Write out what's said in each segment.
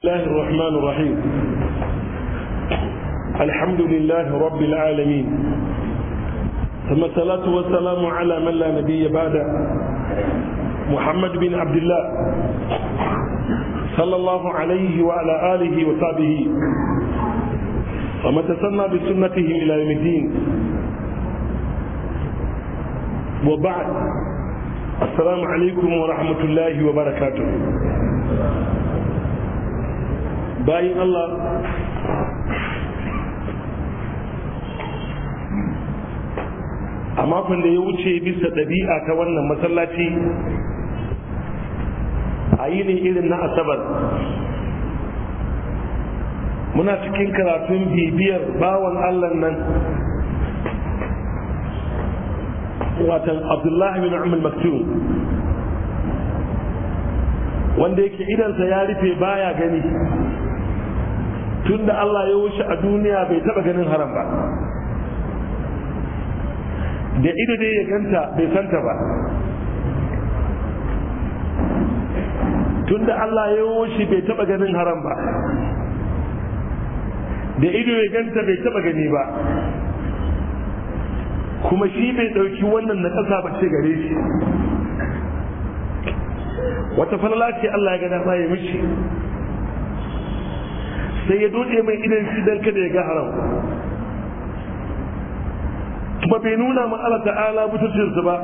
الله الرحمن الرحيم الحمد لله رب العالمين ثم الصلاة والسلام على من لا نبي بعد محمد بن عبد الله صلى الله عليه وعلى آله وصحبه ومن تسنى بسنته إلى يوم الدين وبعد السلام عليكم ورحمة الله وبركاته bayin Allah a makon da ya wuce bisa ɗabi'a ta wannan masallaci a ne irin na asabar muna cikin karatun bibiyar bawan Allah nan watan abdullahi bin umar maktum wanda yake idansa ya rufe baya gani tun da Allah ya wuce a duniya bai taba ganin haram ba da ido dai ya ganta bai santa ba tun da Allah ya wuce bai taba ganin haram ba da ido ya ganta bai taba gani ba kuma shi bai ɗauki wannan na ƙasa ba ce gare shi wata falala ce Allah ya gada ba ya mishi sai ya dode mai idan shi dan kada ya ga haram kuma bai nuna ma Allah ta'ala mutuncinsa ba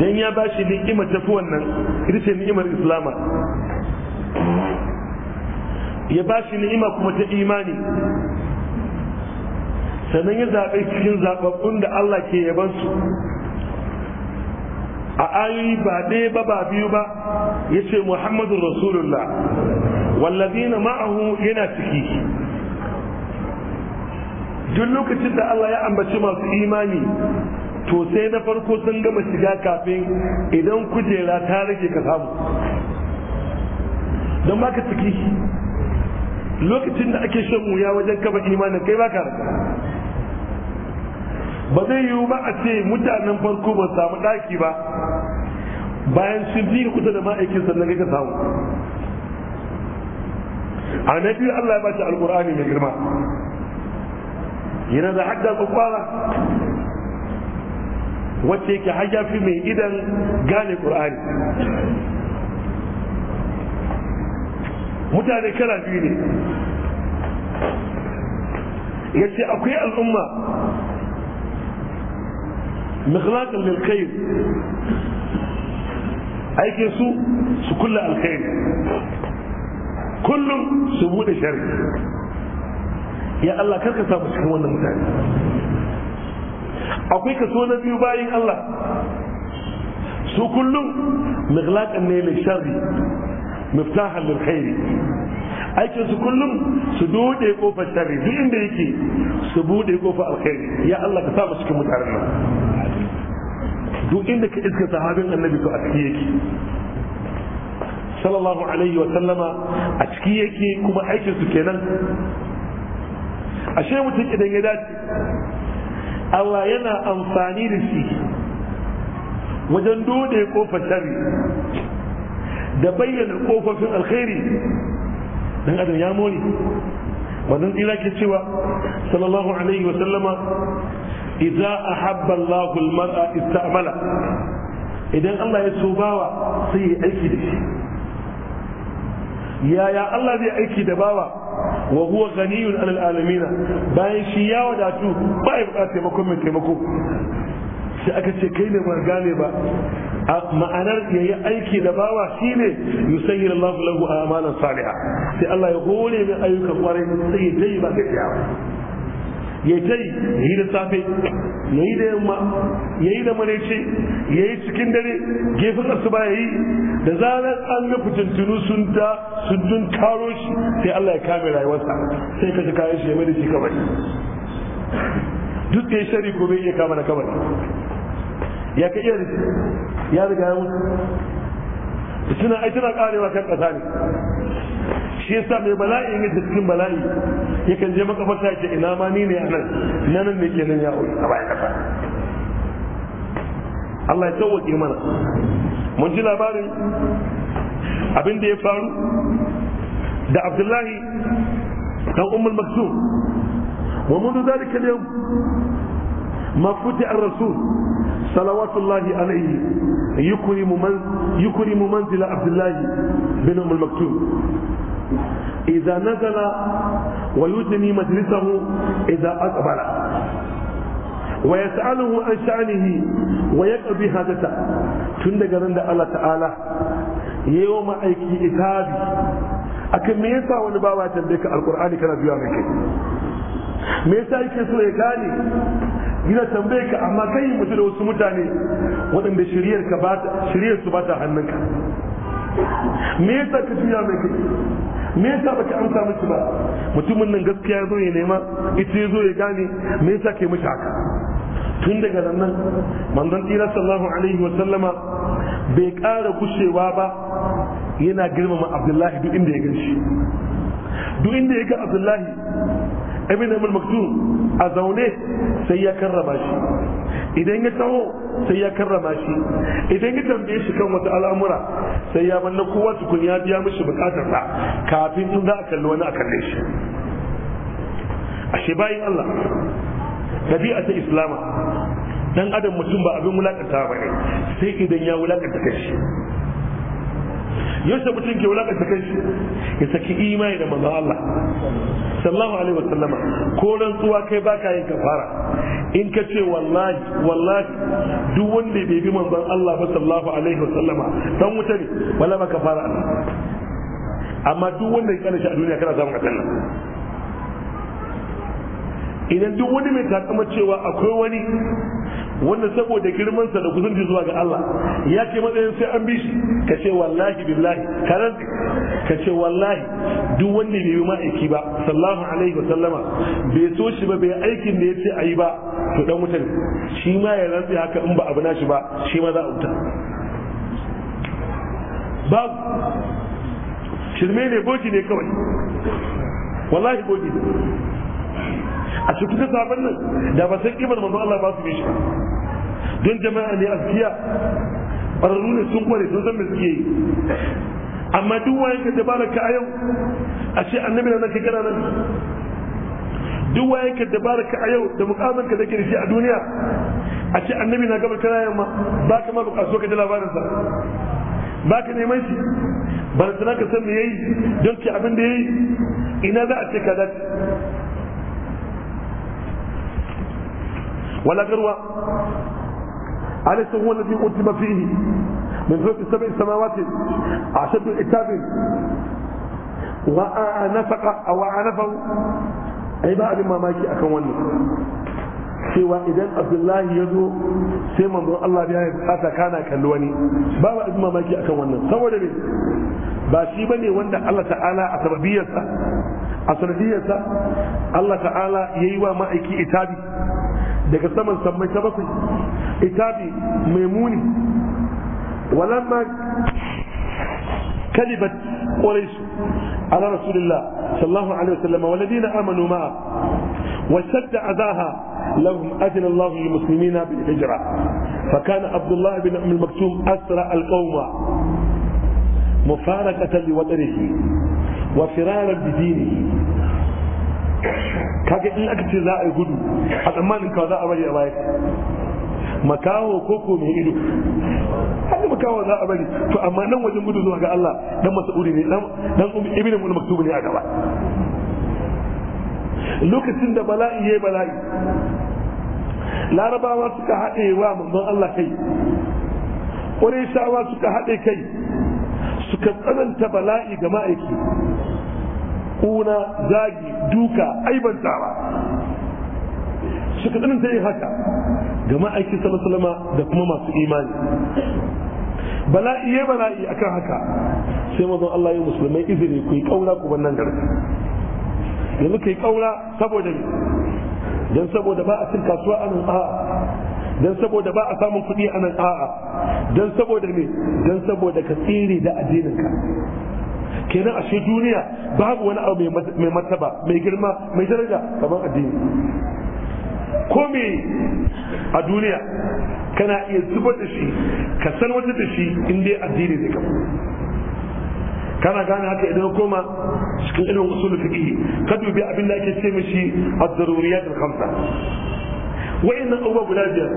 dan ya bashi ni'ima tafi wannan ita ni'imar islama ya bashi ni'ima kuma ta imani sannan ya zaɓe cikin zaɓaɓɓun da Allah ke yaban su a ayoyi ba ɗaya ba ba biyu ba ya ce muhammadun rasulullah wallazina ma'ahu yana ciki duk lokacin da Allah ya ambaci masu imani to sai na farko sun gama shiga kafin idan kujera ta rage ka samu don baka ciki lokacin da ake shan wuya wajen kaba imanin kai baka ba zai yiwu ba a ce mutanen farko ba samu ɗaki ba bayan sun ji kusa da ma'aikin sannan ka samu a na biyu Allah ya bashi alkur'ani mai girma yana da haddar kwakwara wacce yake fi mai idan gane qur'ani mutane kala biyu ne ya akwai al'umma mikhlakan lil khair aikin su su kulla alkhairi kullum su bude sharri ya Allah karka samu cikin wannan mutane akwai kaso na biyu bayin Allah su kullum mighlaqan ne lil sharri miftahan lil khairi aikin su kullum su dode kofar sharri duk inda yake su bude kofar alkhairi ya Allah ka samu cikin mutanen duk inda ka iska sahabin annabi to a cikin yake sallallahu alaihi wa a ciki yake kuma aikin su kenan ashe mutum idan ya dace Allah yana amfani da shi wajen dode kofar shari da bayyana kofofin alkhairi dan adam ya more wannan tsira ke cewa sallallahu alaihi wa sallama idza ahabba Allahu al-mar'a istamala idan Allah ya so bawa sai ya aiki da shi yaya Allah zai aiki da bawa wa huwa ganiyun alal alamina bayan shi ya wadatu ba ya taimakon mai taimako sai aka ce kai ne ba gane ba ma'anar ya yi aiki da bawa shi ne yusayyir Allah lahu amalan saliha sai Allah ya hore mai ayyukan kwarai sai ya tayi ba kai ya tayi yi da safe Yayi yi da yamma ya yi da maraice ya yi cikin dare gefen asuba ya yi da zarar an ga fitintunu sun ta sun dun karo shi sai Allah ya kame rayuwarsa sai ka ji kayan shi ya mai da shi kabari duk da ya shari ko bai iya kama na kamar. ya ka iya ya riga ya mutu suna ai tana karewa kan kasa ne shi yasa mai bala'i ne yake cikin bala'i yakan je makabarta ke ina ma ni ne a nan na nan ne ke nan ya wuce a baya kasa Allah ya tawwake mana mun ji labarin abin da ya faru da Abdullahi dan Ummul Maktum wa منذ ذلك Ma ما فتح الرسول صلوات الله عليه يكرم من يكرم منزل عبد الله بن ام المكتوم idza nazala wa yudni majlisahu idza aqbala wa yas'aluhu an sha'nihi wa yaqdi hajata tun daga ran da Allah ta'ala yayi wa ma'aiki itabi akan me yasa wani bawa tambaye ka alqur'ani kana biya mai kai me yasa yake so ya gane yana tambaye ka amma kai da wasu mutane waɗanda shiryar su ba ta hannunka me yasa ka juya mai kai me yasa amsa miki ba mutumin nan gaskiya zo ya nema ita zo ya gane me yasa ke mishi haka tun daga nan manzon tira sallallahu alaihi wa sallama bai ƙara kushewa ba yana girmama abdullahi duk inda ya gan duk inda ya ga abdullahi ibn al maktum a zaune sai ya karraba shi idan ya taho sai ya karrama shi idan ya tambaye shi kan wata al'amura sai ya manna kowa tukun ya biya mishi bukatarsa kafin in za a kalli wani a kalle shi ashe bayin Allah ɗabi'a ta islama dan adam mutum ba abin wulakanta ba ne sai idan ya wulakanta shi. yadda mutum ke wulakanta kai shi ya saki imani da manzon Allah sallallahu alaihi wa sallama ko rantsuwa kai baka yin kafara in ka ce wallahi wallahi duk wanda bai bi manzon Allah ba sallallahu alaihi wa sallama dan wuta ne wala ba kafara amma duk wanda ya kana shi a duniya kana samun aljanna idan duk wani mai takama cewa akwai wani wanda saboda girmansa da kusanci zuwa ga Allah ya ce matsayin sai an bi shi ka ce wallahi billahi karan ka ce wallahi duk wanda bai yi ma'aiki ba sallallahu alaihi wa sallama bai so shi ba bai aikin da ya ce ayi ba to dan mutane shi ma ya rantsi haka in ba abu na shi ba shi ma za a wuta Ba shirme ne boki ne kawai wallahi boki ne a cikin sabon nan da ba san kimar manzon Allah ba su yi shi don jama'a ne askiya ƙwararru ne sun kware sun san me suke yi amma duk waye ka dabaraka a yau a ce annabi na ka kana nan duk waye ka dabaraka a yau da mukamin ka nake da shi a duniya a ce annabi na gaba kana yamma ba ka ma buƙaso ka ji labarinsa ba ka neman shi ba da ka san me yayi don ce abin da yayi ina za a ce ka dace ولا غيره أليس هو الذي أتم فيه من غير سبع سماوات أشد الإتاب وأنفق أو أنفه أي بعد ما ماكي أكوني سوى إذن عبد الله يدو سيما من الله بها حتى كان أكلوني بابا إذن ما ماكي أكوني سوى جميل باشي بني وند الله تعالى أتربية أصرفية الله تعالى ييوى مائكي إتابي daga saman sammai ta bakwai itabi mai muni walamma كذبت قريش على رسول الله صلى الله عليه وسلم والذين امنوا معه وشد اذاها لهم اذن الله للمسلمين بالهجره فكان عبد الله بن ام المكتوم اسرى القوم مفارقه لوطنه وفرارا بدينه kaga in aka ce za a yi gudu a tsammanin kawo za a bari a baya makaho ko ko mai ido haka makawo za a bari to amma nan wajen gudu zuwa ga Allah dan uri ne dan dan ibn mun maktubu ne a gaba lokacin da bala'i yayi bala'i larabawa suka haɗe wa manzon Allah kai ƙwarai suka haɗe kai suka tsananta bala'i ga ma'aiki kuna zagi duka tsara shekaru tsananta yin haka ga ma'aikin salama da kuma masu imani bala'i ya bala'i akan haka sai mazan Allah ya musulmai izini ku yi kaura ku nan garin yanzu ka yi kaura saboda ne don saboda ba a cin kasuwa a nan a'a don saboda ba a samun kuɗi a nan a'a don saboda ne don saboda ka tsire da addininka kenan a duniya babu wani abu mai martaba mai girma mai daraja kamar addini ko me a duniya kana iya zubar da shi ka san wata da shi in dai addini zai kama kana gane haka idan koma cikin ilimin usul fiqh ka dubi abin da ake ce mishi ad-daruriyat al-khamsa wa'annan abubuwa guda biyar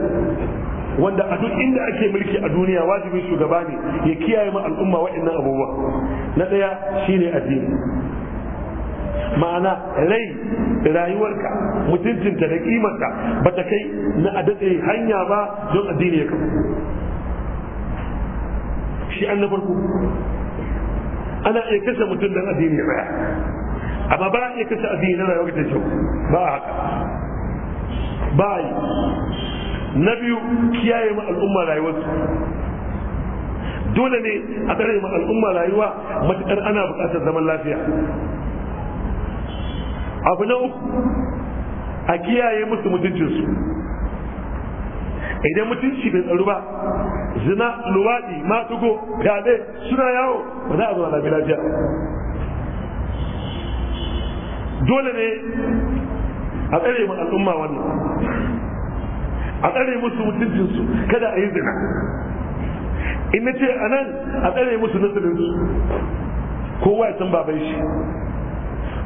wanda a duk inda ake mulki a duniya wajibin shugaba ne ya kiyaye ma al'umma waɗannan abubuwa na ɗaya shine addini ma'ana rai rayuwarka mutuncinta da ƙimarka ba ta kai na a hanya ba don addini ya kafa shi an na farko ana iya kashe mutum don addini ya baya. amma ba a iya kashe addini na rayuwar ta ba haka ba yi na biyu kiyaye ma al'umma rayuwarsu dole ne a kare ma al'umma rayuwa matuƙar ana buƙatar zaman lafiya abu na uku a kiyaye musu mutuncinsu idan mutunci bai tsaru ba zina luwaɗi matugo fyaɗe suna yawo ba za a zo lafiya lafiya dole ne a tsare ma al'umma wannan a tsare musu mutuncinsu kada a yi zina in na ce a nan a tsare musu nasirinsu kowa ya san babai shi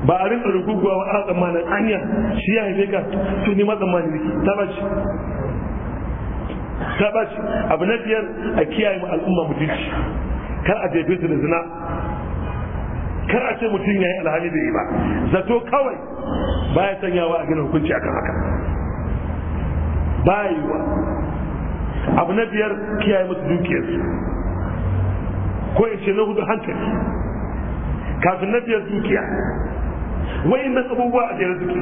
ba a rinka ruguguwa wa a tsammanin anya shi ya haife ka su ni ma tsammanin ne ta shi ta shi abu na biyar a kiyaye mu al'umma mutunci kar a jefe su da zina kar a ce mutum ya yi alhali da yi ba zato kawai baya sanyawa a gina hukunci akan haka Bayiwa abu na biyar kiyaye masu dukiyarsu ko in ce na hudu hankali kafin na biyar dukiya wai na abubuwa a jere suke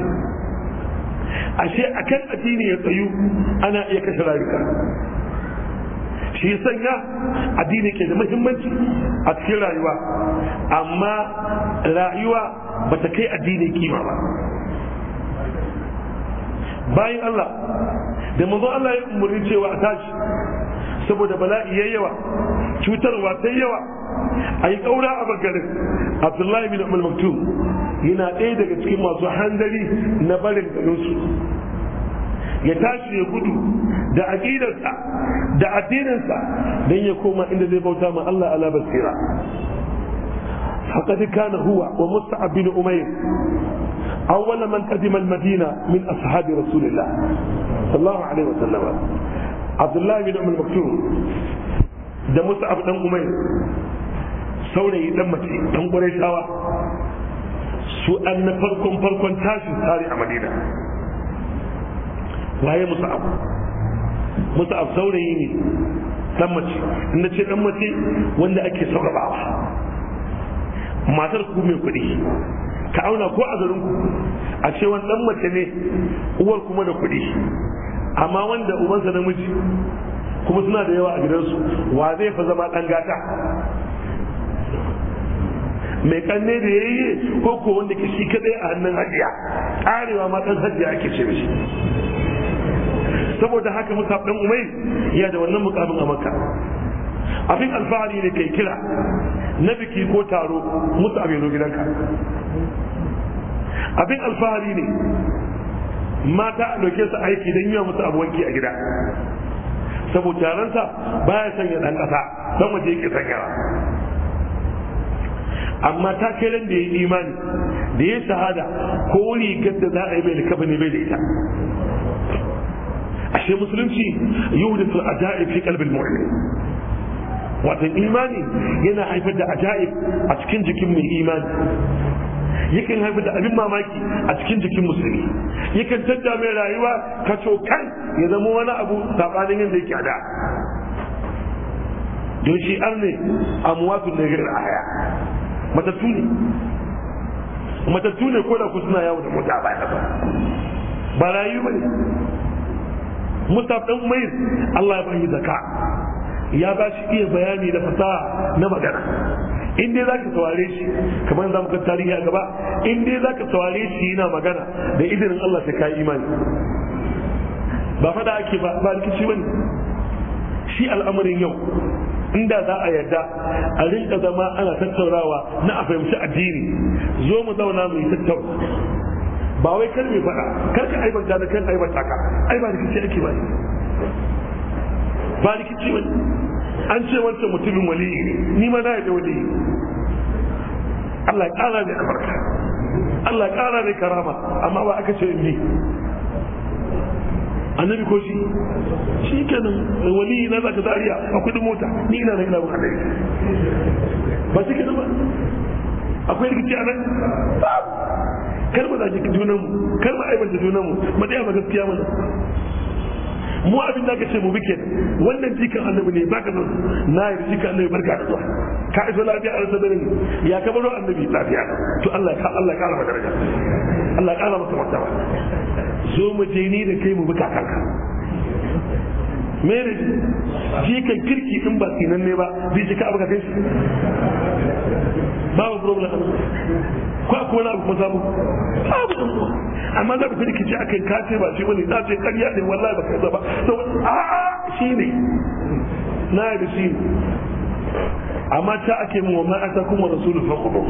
ashe akan addini ya tsayu ana iya kashe rayuka shi sanya addini ke da muhimmanci a cikin rayuwa amma rayuwa ba ta kai addini kima ba bayan Allah da manzo Allah ya umarni cewa a tashi saboda bala'i yayi yawa cutarwa ta yawa a yi ƙaura a bagarin abdullahi bin umar maktum yana ɗaya daga cikin masu handari na barin garinsu ya tashi ya gudu da aƙidarsa da addininsa don ya koma inda zai bauta ma Allah ala basira faqad kana huwa wa mus'ab bin umayr أول من قدم المدينة من أصحاب رسول الله صلى الله عليه وسلم عبد الله بن عمر saurayi dan mace dan ƙurayshawa su an farkon farkon tashin tare a madina waye musa'ab musa'ab saurayi ne dan mace inda ce dan mace wanda ake saurabawa matar ku mai kuɗi ka auna ko a garin a ce wani dan mace ne uwar kuma da kuɗi amma wanda ubansa namiji kuma suna da yawa a gidansu wa zai fa zama dan gata mai kanne da yayi ko ko wanda ke shi kadai a hannun hajiya karewa ma dan hajiya ake ce mishi saboda haka musa dan umai ya da wannan mukamin a makka abin alfahari ne kai kira na biki ko taro musu abin gidanka abin alfahari ne mata a ɗauke su aiki don yi musu abu wanki a gida saboda taronsa baya sanya ɗan ƙasa don waje yake sanyawa amma ta kai ran da ya yi imani da ya shahada ko rigar da za a yi bai da kafa ne bai da ita ashe musulunci su a ja'ib fi kalbin al imani yana haifar da ajaib a cikin jikin mai imani yakan haifar da abin mamaki a cikin jikin musulmi yakan canza mai rayuwa kaso kan ya zama wani abu sabanin yadda yake a da don shi an ne amwatun ne gairar haya matattu ne matattu ne ko da ku suna yawo da mota ba ba ba rayu ba ne dan mai Allah ya bayi zaka ya ba shi iya bayani da fasaha na magana in dai zaka saurare shi kamar zamu ga tarihi a gaba in dai zaka saurare shi yana magana da idanun Allah sai kai imani ba fada ake ba ba rikici bane shi al'amarin yau inda za a yarda a rinka zama ana tattaurawa na a fahimci addini zo mu zauna mu yi tattauna ba wai kar mai fada kar ka aibanta da kan aibanta ka ai ba rikici ake ba ba rikici bane an ce wancan mutumin wali ne ni ma na yi wali Allah ya kara ne albarka Allah ya kara ne karama amma ba aka ce ni annabi ko shi shi kenan wali na zaka zariya a kudin mota ni ina na ina ba kadai ba shi kenan ba akwai rikici a nan kar mu zaki junan mu kar mu aibanta junanmu mu mu ba gaskiya mana mu abin da ka ce mu bike wannan jikan annabi ne baka nan na yi jikan annabi barka da zuwa ka iso lafiya a rasa dare ya ka baro annabi lafiya to Allah ka Allah ka rama daraja Allah ka rama martaba zo mu je ni da kai mu bika kanka mere jikan kirki din ba sinan ne ba bi jika abu ka kai shi babu problem ko akwai wani abu kuma samu babu ɗan uwa amma za ku fi rikici akai ka ce ba shi bane na ce ƙarya ne wallahi ba kaza ba to a'a shine na yi shi amma ta ake mu wa ma kuma wa rasulun faqulu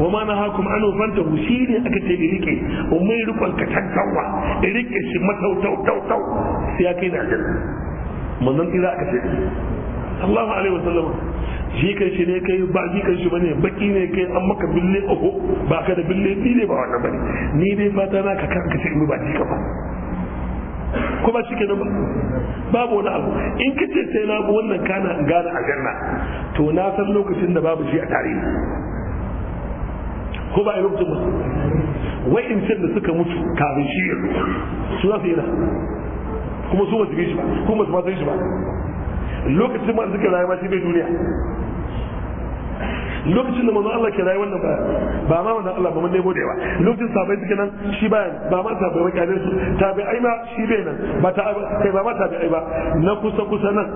wa ma na hakum an fanta shi ne aka ce irike umai rikon ka tantawa irike shi matautautautau sai ya kai da aljanna manzon tsira aka ce sallallahu alaihi wasallam shi kai shi ne kai ba shi kai shi ne baki ne kai an maka bille uku ba ka da bille ne ba wannan bane ni dai fata na ka kanka sai mu ba shi ka ba ko ba shike ba babu wani abu in ka ce sai na bu wannan kana in gane a janna to na san lokacin da babu shi a tarihi ko ba a lokacin ba wai in da suka mutu kafin shi ya su za su yi kuma su ba su bi shi ba kuma su su bi shi ba lokacin ma suka rayu shi bai duniya lokacin da manzon Allah ke rayu wannan ba ba ma manzon Allah ba mun dai gode ba lokacin sabai suke nan shi ba ba ma sabai ba kare su tabi ai ma shi bai nan ba ta kai ba ma tabi ai ba na kusa kusa nan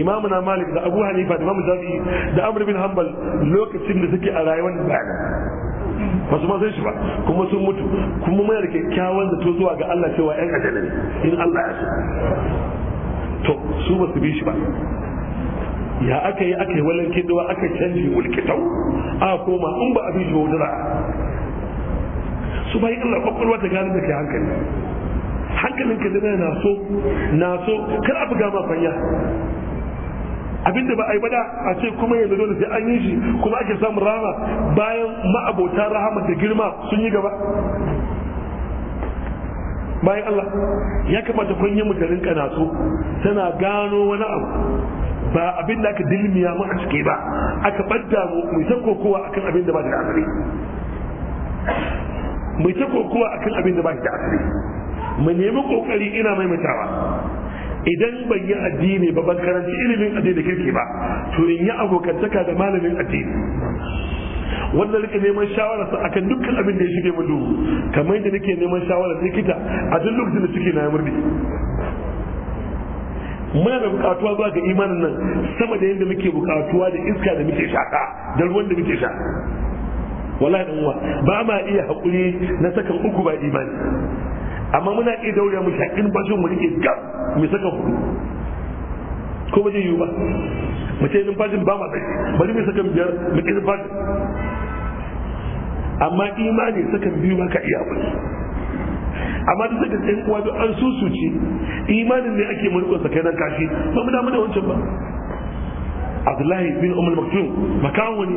imamu na Malik da Abu Hanifa da Imam Shafi'i da Amr bin Hanbal lokacin da suke a rayuwar ba ba su ma shi ba kuma sun mutu kuma muna da kyakkyawan zato zuwa ga Allah cewa ƴan ajana ne in Allah ya so to su ba su bi shi ba ya aka yi aka yi walan kidowa aka canji mulkitau a koma in ba a bi shi su bayan Allah kwakwalwa ta gane da ke hankali hankalin ka zai na so na so kar fanya abinda ba a yi bada a ce kuma yanzu dole sai an yi shi kuma ake samun rama bayan ma'abota rahama da girma sun yi gaba bayan Allah ya kamata kunyin mutarin kanaso tana gano wani abu ba abin da aka dilmiya mu a ba aka ɓadda mu mai ta kokowa akan abin da ba da asiri Mai ta kokowa akan abin da ba da asiri mu nemi kokari ina maimaitawa idan ban yi addini ba ban karanci ilimin addini da kirki ba to in yi abokantaka da malamin addini wanda nake neman shawararsa akan dukkan abin da ya shige mudu kamar yadda nake neman shawarar likita a duk lokacin da ciki na murbi muna da bukatuwa zuwa ga imanin nan sama da yadda muke bukatuwa da iska da muke shaka da ruwan da muke sha wallahi dan uwa ba ma iya hakuri na sakan uku ba imani amma muna iya daure mu shakin bashin mu rike gab mu saka hudu ko ba zai yiwu ba mu ce numfashin ba ma tsaye bari mai sakan biyar mu ƙi numfashin amma imani sakan biyu ba ka iya ba. amma da sakan ɗan uwa da an susuce imanin ne ake mulkon sa kai nan kashi ba mu damu da wancan ba abdullahi bin umar maktum makawo ne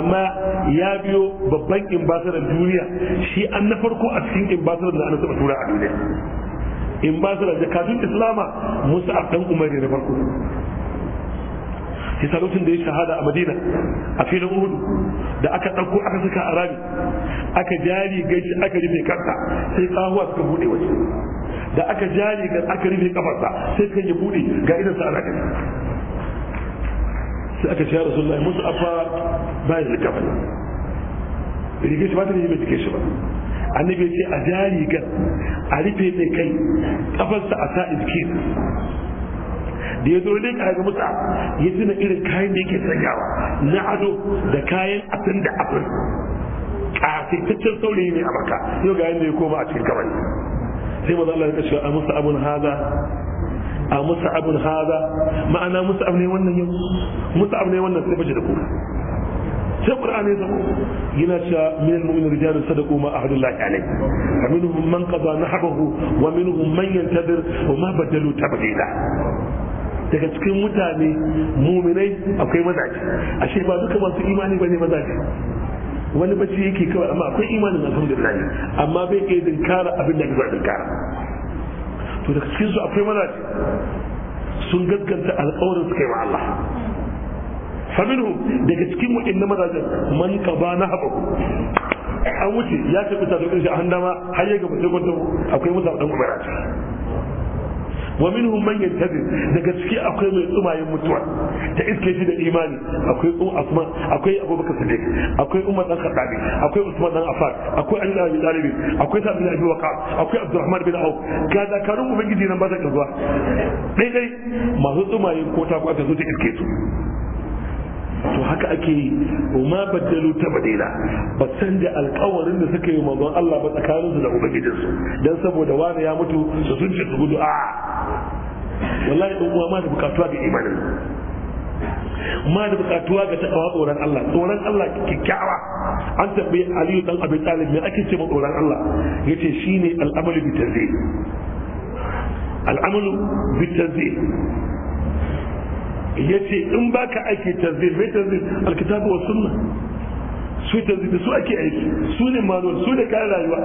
amma ya biyo babban imbasaran duniya shi an na farko a cikin imbasaran da ana taɓa tura a duniya da kafin islama musa abdan umar ne na farko ya sarutun da ya shahada a madina a filin uhudu da aka ɗauko aka saka a rami aka jari gaishe aka rufe kansa sai tsahuwa suka buɗe waje da aka jari ga aka rufe kafarsa sai kan ya buɗe ga idan sa ana sai aka ce ya rasulullahi musu afa bayan da kafa rigar shi ba ta ne mai jike shi ba annabi ya ce a jari ga a rufe mai kai kafarsa a sa'in iske da ya zo ne ka ga musa ya tuna irin kayan da yake sanyawa na ado da kayan abin da abin kafitaccen saurayi ne a maka yau ga yadda ya koma a cikin kamar sai maza Allah ya kashe a musa abun haza a musa abun haza ma'ana musa abu ne wannan yau musa abu ne wannan sai baje da ku sai qur'ani ya zama yana cewa min al-mu'min rijalun sadaqu ma ahadu llahi alayhi wa minhum man qada nahbahu wa minhum man yantazir wa ma badalu tabdila daga cikin mutane muminai akwai mazaje shi ba duka masu imani ne mazaje wani bacci yake kawai amma akwai imanin alhamdulillah amma bai din dinkara abin da zai dinkara to daga cikin su akwai mazaje sun gaskanta alƙawarin su kai wa Allah faminhu daga cikin waɗannan mazajen man qaba nahabu an wuce ya tafi ta da shi a handama har ya gaba sai kwanta akwai mutane dan umara wa minhum man yantazir daga ciki akwai mai tsumayen mutuwa ta iske shi da imani akwai Usman um akwai Abubakar sadiq akwai Umar dan khattabi akwai Usman dan Affan akwai Ali bin Talib akwai Sa'd bin Abi akwai Abdurrahman bin Auf ga zakarun ubangiji nan ba ka kazuwa dai dai masu tsumayen kota ko aka zo ta iske su haka ake yi ma baddalu ta badila ba san da alkawarin da suka yi manzon Allah ba tsakaninsu da ubangijinsu dan saboda wani ya mutu su sun ce su gudu a wallahi dan uwa ma da bukatuwa ga imanin ma da bukatuwa ga takawa tsoron Allah tsoron Allah kikkiawa an tabbai Aliyu dan Abi Talib me ake ce ma tsoron Allah yace shine al'amalu bi tanzih al'amalu bi tanzih yace in baka aiki tanzil mai tanzil alkitabu wa sunna su tanzil su ake aiki su ne manuwar su ne kayan rayuwa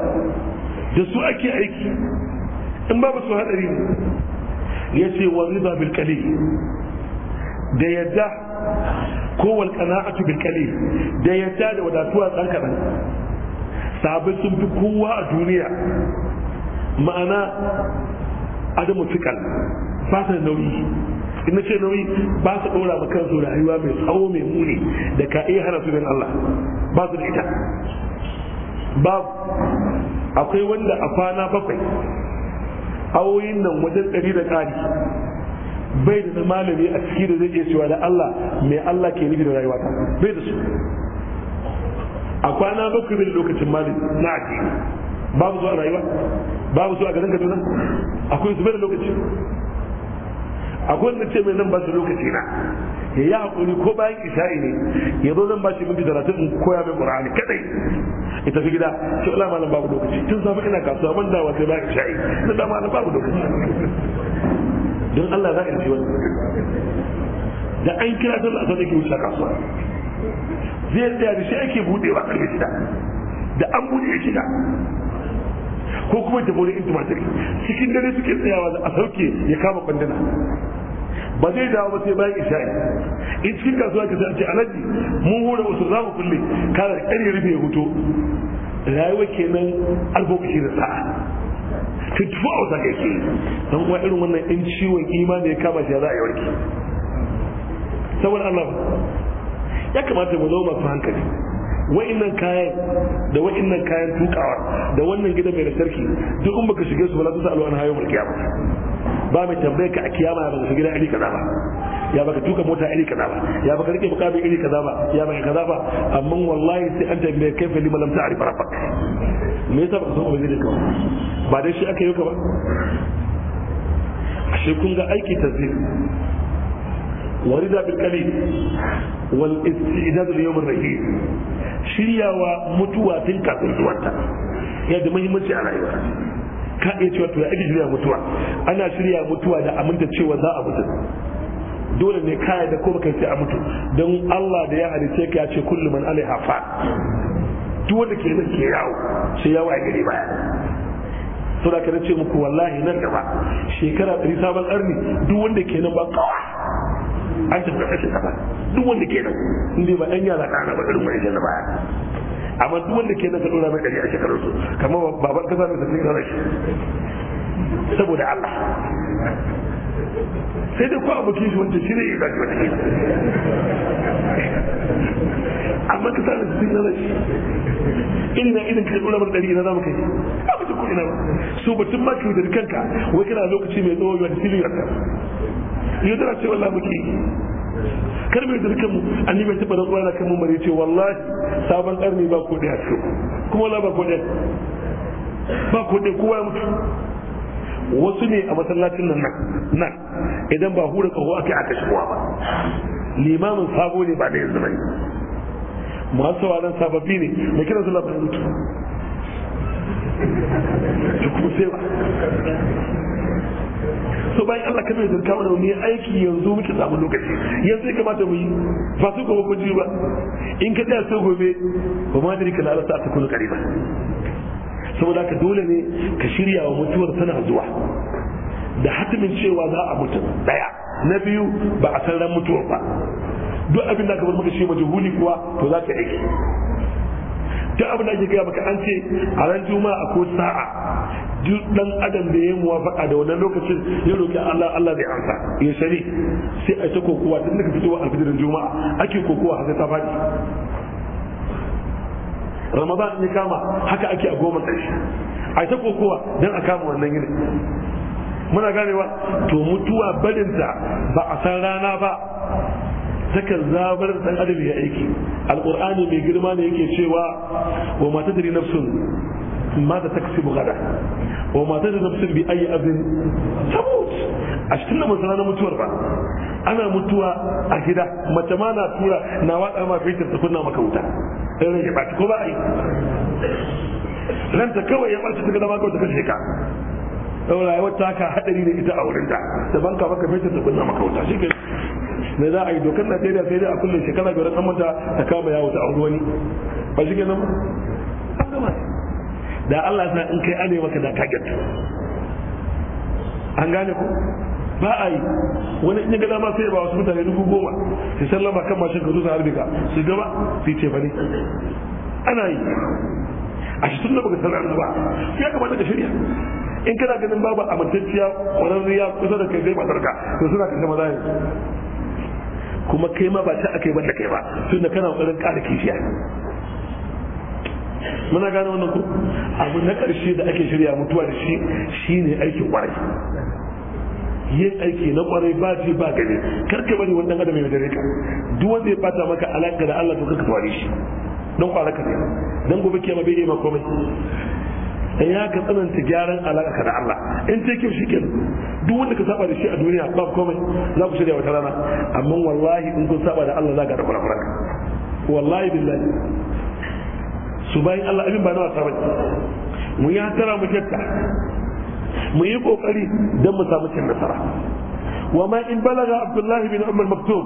da su ake aiki in ba su hadari yace wa riba bil qalil da yadda ko wal qana'atu bil qalil da yadda da wadatuwa dan kadan sahabbai sun fi kowa a duniya ma'ana adamu fikal ba nauyi in na ce nauyi ba su ɗora ma kansu rayuwa mai tsawo mai muni da ka iya hana su bin Allah ba su da ita babu akwai wanda a kwana bakwai awoyin nan wajen ɗari da ƙari bai da malami a ciki da zai iya cewa da Allah mai Allah ke nufi da rayuwa ta bai da su a kwana bakwai bai da lokacin malami na ake babu zuwa rayuwa babu zuwa garin kaduna akwai su bai da lokaci akwai wanda ce mai nan ba su lokaci na ya yi haƙuri ko bayan isha'i ne ya zo zan ba shi minti talatin in koya mai ƙur'ani kadai ya tafi gida shi ala malam babu lokaci tun safe ina kasuwa ban dawa sai bayan isha'i na da malam babu lokaci don Allah za a yi wani da an kira sun a asali ke wuce kasuwa zai tsaya da shi ake buɗewa ƙarfe shida da an buɗe shida ko kuma ta bori intima cikin dare suke tsayawa da a sauke ya kama kwandana ba zai dawo ba sai bayan isha'i in cikin kasuwa ka sai a ce alaji mun hura wasu za mu kulle kada da rufe ya huto rayuwa kenan albokashi da sa'a a wata kake don kuma irin wannan in ciwon imani ya kama shi za a yi warki saboda Allah ya kamata mu zama masu hankali Wa'inan kayan da wa'annan kayan tukawa da wannan gida mai lantarki duk in baka shige su ba za su alwana hayo mulki ba ba mai tambaye ka a kiyama ya baka shiga gida iri kaza ba ya baka tuka mota iri kaza ba ya baka rike bukabi iri kaza ba ya baka kaza ba amma wallahi sai an tambaye kai fa liman lam ta'rif rabbak me yasa baka san abin da kawai ba dai shi aka yi ka ba ashe kun ga aiki tazir ورضا bil والاستعداد ليوم الرحيل li yawm ar-rahim shiryawa mutuwa tun kafin zuwanta yana da muhimmanci a rayuwa ka iya cewa to ya ake shirya mutuwa ana shirya mutuwa da aminta cewa za a mutu dole ne kaya da ko baka ce a mutu don Allah da ya halice ka ya ce kullum man duk wanda ke nan ke yawo sai yawo a gari baya to da ka ce muku wallahi nan gaba shekara ɗari sabon arni duk wanda ke nan ba kawa an tafi ƙarƙashin ƙasa duk wanda ke nan in ba ɗan yara ƙana ba irin wa'in na baya amma duk wanda ke nan ka ɗora mai ɗari a shekarunsu kamar baban kasa mai tafi ƙasa saboda Allah sai dai ko abokin shi wancan shi ne ya wata kila amma ka cikin na rashi irin na irin kai ɗora ɗari na zamu kai ba ko ina ba so batun ma kai da kanka wai kana lokaci mai tsawo yawan filin yarda yaudara ce wallah muke kar mai zirkin mu annabi ta bada tsara kan mun bare ce wallahi sabon karni ba ko da su kuma wallahi ba ko da ba ko da kowa mutu wasu ne a masallacin nan nan idan ba hura kaho ake aka shigowa ba limamin sabo ne ba da yanzu bane masu sauran sababbi ne mai kira su labarin mutu ba so bayan Allah kana da kawo da wani aiki yanzu muke samu lokaci yanzu ya kamata mu yi ba su gobe ba in ka tsaya sai gobe ba ma dare kana sa ta kunu kariba saboda ka dole ne ka shirya wa mutuwar tana zuwa da hatimin cewa za a mutu daya na biyu ba a san ran mutuwar ba duk abin da kamar muka maka shi huli kuwa to za ka aiki duk abin da ake gaya maka an ce a ran juma'a ko sa'a duk dan adam da ya muwafaka da wannan lokacin ya roki Allah Allah zai amsa ya shari sai a ta kokowa tun daga fitowa alfidirin juma'a ake kokowa haka ta faɗi ramadan ne kama haka ake a goma ƙarshe a ta kokowa dan a kama wannan yini muna ganewa to mutuwa barinta ba a san rana ba takan zabar dan adam ya aiki alqur'ani mai girma ne yake cewa wa ma tadri nafsun ماذا تكسب غدا وما تجد نفس بأي أب تموت أشتنا مثلا متور با أنا متوى أكيدا ما تمانا تورا نوات أما بيت تكون مكوتا إيه بعد كوبا أي لن تكوى يا مرشد كذا ما كنت كشيكا أولا rayuwar ta ka hadari da ita a wurin ta تكون banka كوتا fetur da za a yi dokar na tsere a tsere a kullum shekara biyar an manta ta kama yawo ta auri wani ba shi shike nan an gama da Allah sa in kai arewa ka da kaget an gane ku ba a yi wani in ga ma sai ba wasu mutane dubu goma su sallama kan mashin ka zuwa harbika su gaba su ce bane ana yi a shi tun da baka san an ba ya kamata ka shirya in kana ganin babu amintacciya kwararriya kusa da kai zai matarka to suna kashe maza yanzu kuma kai ma ba ta akai ba da kai ba tun da kana kokarin kara kishiya muna gane wannan ku abu na ƙarshe da ake shirya mutuwa da shi shine aikin kwarai yin aiki na kwarai ba ce ba gani karka bari wani dan adam ya dare ka duk wanda ya bata maka alaƙa da Allah to kaka taware shi don kwara ka ne don gobe kiyama bai yi ma komai in ya ka tsananta gyaran alaƙa da Allah in take shi ke duk wanda ka saba da shi a duniya ba komai za ku shirya wata rana amma wallahi in kun saba da Allah za ka da kurakuranka wallahi billahi su bayan Allah abin ba na wasa bane mu yi hasara mu jatta mu yi kokari don mu samu cin nasara wa ma in abdullahi bin وما إن بلغ عبد الله بن أم المكتوم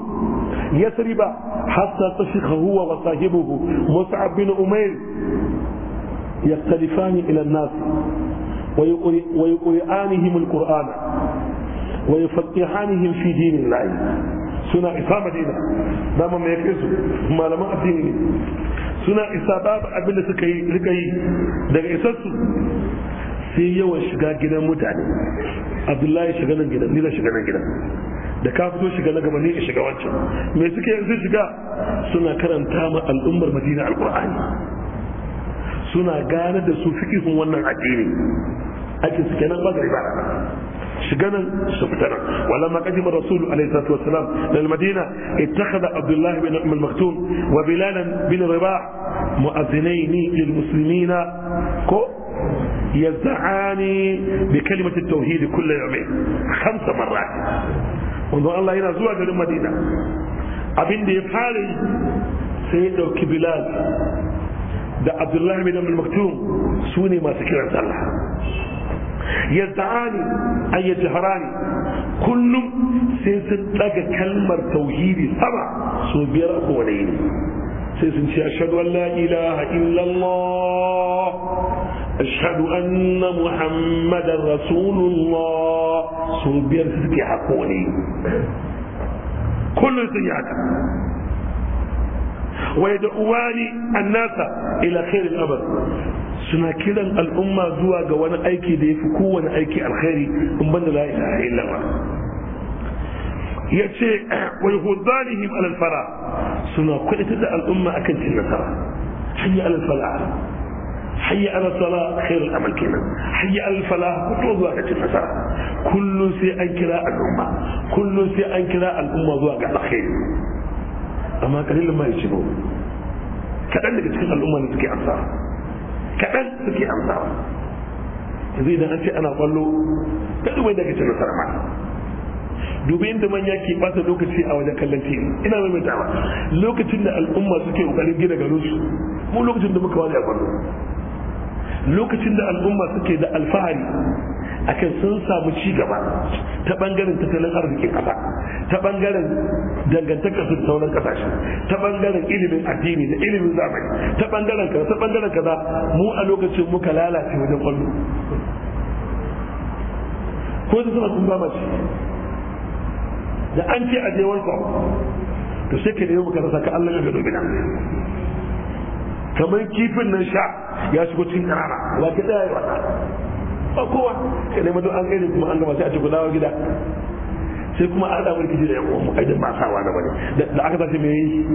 يسرب حتى تشيخ هو وصاحبه مصعب بن أمير يختلفان إلى الناس ويقرئانهم القرآن ويفقهانهم في دين الله suna isa madina dama mai kai su malaman addini ne suna isa babu abin da suka yi rika yi daga isarsu sai yawan shiga gidan mutane abdullahi shiga nan gidan nila shiga nan gidan da ka fito shiga na gaba ne in shiga wancan me suke yanzu shiga suna karanta ma al'ummar madina alqur'ani suna gane da su fikihun wannan addini ake su kenan ba. سجنا سكتنا ولما قدم الرسول عليه الصلاه والسلام للمدينه اتخذ عبد الله بن ام المكتوم وبلالا بن رباح مؤذنين للمسلمين يزعان بكلمة التوحيد كل يومين خمس مرات وانظر الله هنا زواج المدينة أبين دي فالي سيد بلال دا عبد الله بن المكتوم سوني ما سكرت الله yadda'ani an yajharani kullum sai sun daga kalmar tauhidi sama so biyar a kowane yini sai sun ce ashhadu an la ilaha illallah ashhadu anna muhammadar rasulullah so biyar suke a kowane yini kullum sun yi haka ويدعوان الناس إلى خير الأبد suna kiran al'umma zuwa ga wani aiki da ya fi kowane aiki alkhairi in banda la ilaha illallah ya ce wai hudanihim alal fara suna kudita da al'umma akan cin nasara hayya alal fara hayya ala sala khairul amal kenan hayya ala fala to zuwa ga cin nasara kullun sai an kira al'umma kullun sai an kira al'umma zuwa ga alkhairi amma kalilin ma yace ba kadan daga cikin al'umma ne suke amsa kaɗan suke amsawa yanzu idan an ce ana kwallo ta wai daga cin nasara ma dubi inda manya ke ɓata lokaci a wajen kallon tv ina maimaitawa lokacin da al'umma suke ƙoƙarin gina garin su mu lokacin da muka wani a kwallo lokacin da al'umma suke da alfahari akan sun samu ci gaba ta bangaren tattalin arzikin kasa ta bangaren dangantakar su da sauran kasashe ta bangaren ilimin addini da ilimin zamani ta bangaren kaza ta bangaren kaza mu a lokacin muka lalace wajen kwallo ko da sama sun ba da an ce aje world kwa to sai ka nemi ka rasa ka Allah ya gado bina kamar kifin nan sha ya shigo cikin karara wa ka tsaya yi wata ba kowa kai ma an kai kuma an gama sai a ce ku dawo gida sai kuma an dawo rikici da yan uwan mu ai da ba sawa da bane da aka tashi me yi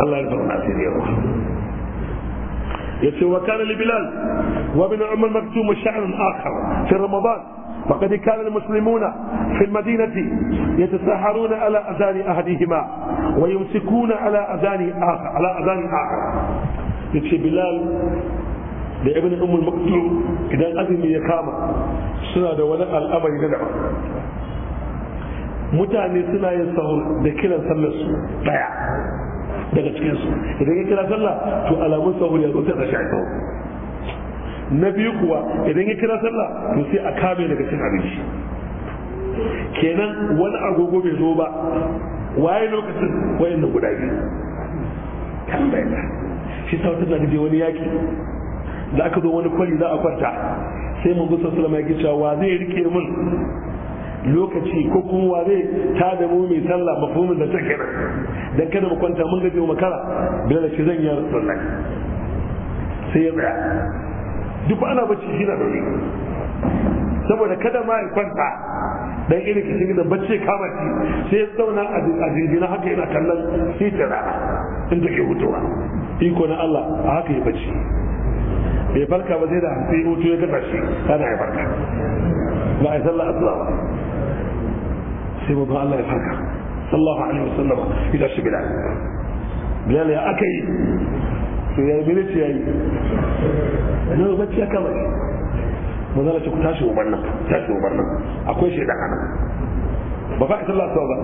Allah ya rufa mana asiri yau yace wa kana li bilal wa bin umar maktum sha'n akhar fi ramadan فقد كان المسلمون في المدينة يتساحرون على أذان أحدهما ويمسكون على أذان آخر على أذان آخر يكشي بلال da ibn ummul maktum idan azumi ya kama suna da wani al'amari na mutane suna yin sahur da kiran sallar su daya daga cikin su idan ya kira sallah to alamun sahur ya zo ta shi a na biyu kuwa idan ya kira sallah to sai a kame daga cin abinci kenan wani agogo bai zo ba waye lokacin wayan da guda biyu kan bayyana shi sautin da zaka wani yaki da aka zo wani kwari za a kwanta sai mun gusa sulama ya cewa wa zai rike mun lokaci ko kuma wa zai ta da mu mai sallah mafhumin da take nan dan kada mu kwanta mun gaje makara bilal shi zan yi rasulullahi sai ya tsaya duk ana bacci shi na dole saboda kada ma ya kwanta dan irin kishin da bacci kama shi sai ya zauna a gina haka yana kallon sitira in take hutuwa iko na Allah a haka ya bacci bai farka ba zai da hamsin hutu ya kafa shi kada ya farka ba a yi sallah asuba ba sai mu Allah ya farka sallallahu alaihi wasallam ila shi bilal bilal ya yi to ya bi ce na ne bacci ya kama shi mu zala ku tashi uban nan tashi uban nan akwai shaidan ana ba fa sallah asuba ba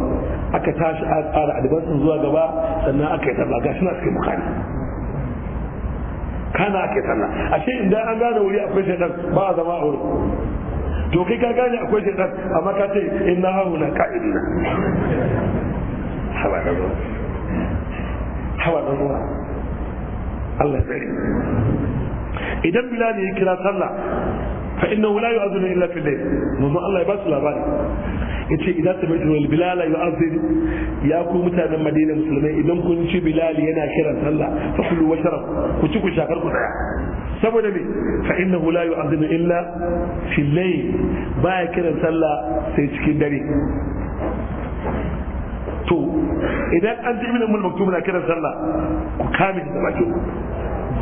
aka tashi a tsara adibansu zuwa gaba sannan aka yi sallah gashi na cikin bukhari kana ake sallah ashe idan an gane wuri akwai shaidan ba a zama a to kai ka gane akwai shaidan amma ka ce inna hauna ka'idina hawa da zuwa hawa da ruwa Allah ya tsare idan bilal ya kira sallah fa innahu la yu'adhdhibu illa fil layl manzo Allah ya basu su labari yace idan ta bai wal bilal yu'adhdhib ya ku mutanen Madina musulmai idan kun ci bilal yana kiran sallah fa kulu wa ku ci ku shakar ku tsaya saboda me fa innahu la yu'adhdhibu illa fil layl baya kiran sallah sai cikin dare to idan an ji ibn al-maktum na kiran sallah ku kame da bakin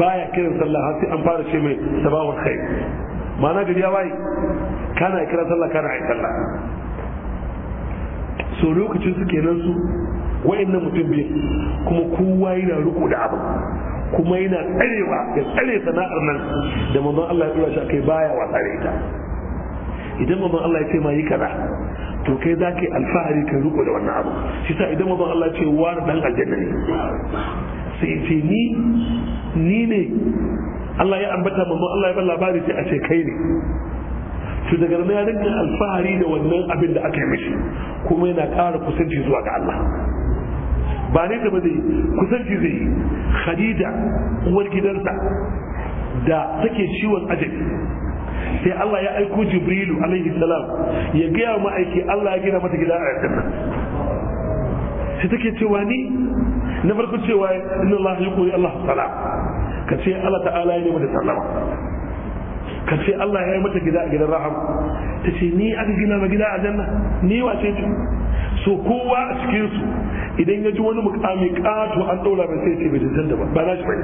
baya kiran sallah har sai an fara ce mai sabahul khair ma'ana gari ya waye kana a kira sallah kana a yi sallah so lokacin su kenan su wa'annan mutum biyu kuma kowa yana riko da abu kuma yana tsarewa ya tsare sana'ar nan da mamman Allah ya tura shi akai baya wasa da ita idan mamman Allah ya ce ma yi kaza to kai za ka yi alfahari ka riko da wannan abu shi sa idan mamman Allah ya ce wa dan aljanna ne sai ce ni ni ne Allah ya ambata mamman Allah ya bar labari sai a ce kai ne to daga nan ya rinka alfahari da wannan abin da aka yi mishi kuma yana ƙara kusanci zuwa ga Allah ba ne da ba zai kusanci zai khadija uwar gidansa da take ciwon ajali sai Allah ya aiko jibrilu alaihi salam ya gaya ma'aiki Allah ya gina mata gida a yadda sai take cewa ni na farko cewa inna Allah ya koyi Allah salam ka ce Allah ta'ala ya nemi da sallama ka ce Allah ya yi mata gida a gidan rahama ta ce ni aka gina ma gida a janna ni wace ce so kowa a cikin su idan ya ji wani mukami kato an daura mai sai ce bai da ba ba za shi bai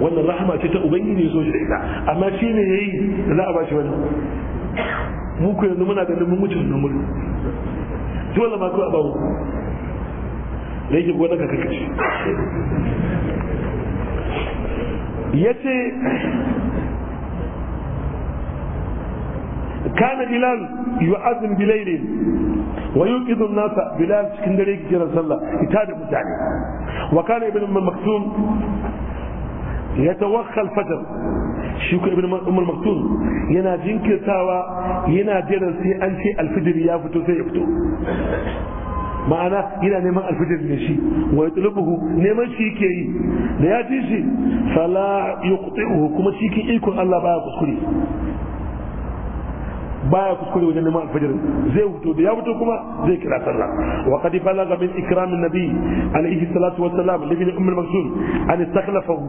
wannan rahama ce ta ubangiji ya so shi da ita amma shi ne yayi da za a ba shi wani mu ku yanzu muna ganin mun mutu mun mutu dole ma ko a bawo da yake gona ka kakace ya ce kana bilal yu'azin bilailin wa yuqidu nasa bilal cikin dare yake sallah ita da mutane wa kana ibn umm maktum yatawakha al-fajr shi ko ibn ummul maktum yana jinkirtawa yana jiran sai an ce alfijir ya fito sai ya fito ma'ana yana neman alfijir ne shi wa ya tulubuhu neman shi yake yi da ya ji shi fala yuqti'uhu kuma shi ke ikon Allah baya kuskure baya kuskure wajen neman alfajir zai wuto da ya wuto kuma zai kira sallah wa qad balagha min ikram nabi alayhi salatu wa salam li ibn umm al-maksum an istakhlafahu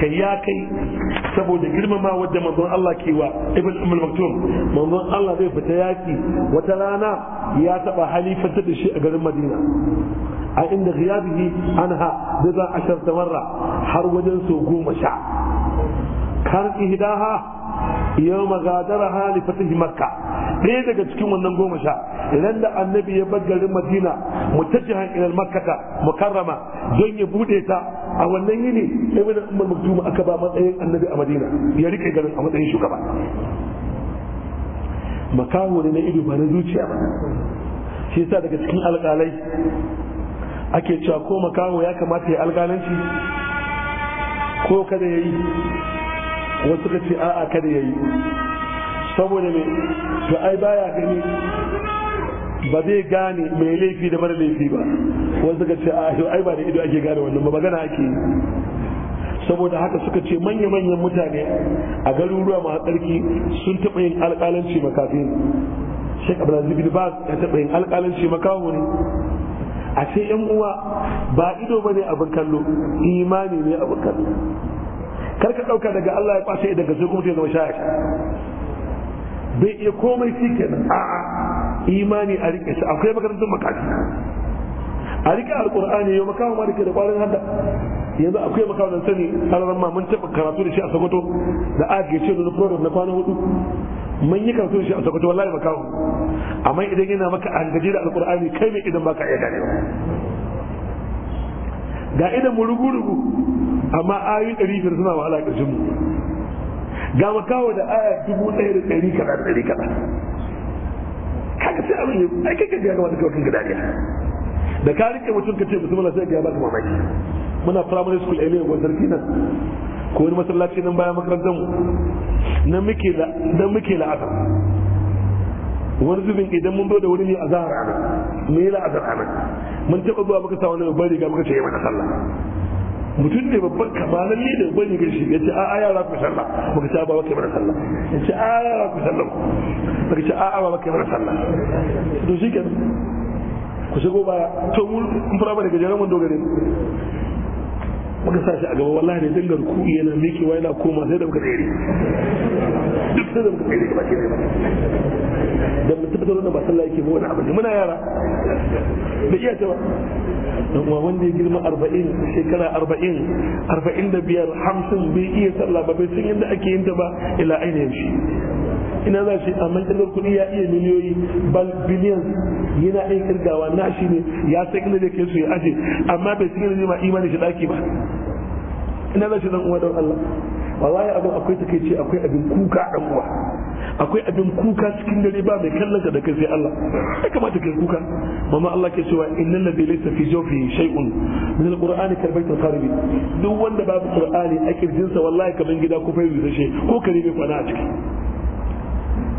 kai ya kai saboda girmama wadda manzon Allah ke wa ibn umm al manzon Allah zai fita yaki wata rana ya taba halifanta da shi a garin Madina a inda ghiyabihi anha da za ashar tamarra har wajen so goma sha kan ihdaha yau magadara hali fatihi makka ɗaya daga cikin wannan goma sha idan da annabi ya bar garin madina mutajihan ilal makkata mukarrama don ya bude ta a wannan yini ibn ummul maktum aka ba matsayin annabi a madina ya rike garin a matsayin shugaba makaho ne na ido ba na zuciya ba shi yasa daga cikin alƙalai ake cewa ko makaho ya kamata ya alƙalanci ko kada ya yi wasu ka ce a'a kada ya yi saboda me to ai baya gani ba zai gane mai laifi da mara laifi ba wasu ka ce a ai ba da ido ake gane wannan ba magana ake yi saboda haka suka ce manya-manyan mutane a garuruwa masu tsarki sun taɓa yin alƙalanci makafin shek abdulaziz bin baz ya taɓa yin alƙalanci makaho ne a ce yan uwa ba ido ba ne abin kallo imani ne abin kallo kar ka ɗauka daga Allah ya kwace daga sai kuma ta zama shayar bai iya komai shi nan a'a imani a rike shi akwai makarantar makafi a rike alqur'ani yau makawa ma rike da kwarin hada yanzu akwai makawa da sani alaran ma mun taɓa karatu da shi a sokoto da aka ce da program na kwana hudu mun yi karatu da shi a sokoto wallahi makawa amma idan yana maka angaje da alqur'ani kai ne idan baka iya ganewa ga idan mu rugu-rugu amma ayi ɗari biyar suna wahala a ƙarshen mu ga makawa da aya dubu ɗaya da ɗari kaɗan ɗari kaɗa. kaga sai abin yi ai kai ka ga wata kawai kan gadariya da ka rike mutum ka ce na sai ga ya baka mamaki muna primary school a wani sarki nan ko wani masallaci nan bayan makarantar mu na muke la'asar wani zubin idan mun da wuri ne a zahar anan me yi la'asar anan mun taɓa zuwa muka sa wani bari ga muka ce yi mana sallah mutum ne babban kamalan ne da bani ga shi ce a yara ku sallah baka ce ba baka bar sallah ce a yara ku sallah ku baka ce a ba baka bar sallah to shi ke ku shigo ba to mun fara ba daga jaran mun dogare kuka sa shi a gaba wallahi ne dinga ku yana miki wai na koma sai da muka tsere duk sai da muka tsere ba ke da dan mutum da wannan ba sallah yake ba wani abu ne muna yara da iya cewa dan uwa wanda ya girma 40 shekara 40 45 hamsin bai iya sallah ba bai san yadda ake yin ta ba ila ainihin shi ina za shi amma kudin kuɗi ya iya miliyoyi bal billions yana ɗan kirgawa na shi ne ya san inda da ke su ya aje amma bai san da ma imanin shi ɗaki ba ina zai shi dan uwa don Allah wallahi abu akwai ce akwai abin kuka dan uwa akwai abin kuka cikin dare ba mai kallon ka da kai sai Allah ya kamata kai kuka mamma Allah ke cewa innal ladhi laysa fi jawfihi shay'un min alqur'ani karbaytul kharibi duk wanda babu qur'ani a kirjinsa wallahi kaman gida ko fa shi ko kare bai kwana a ciki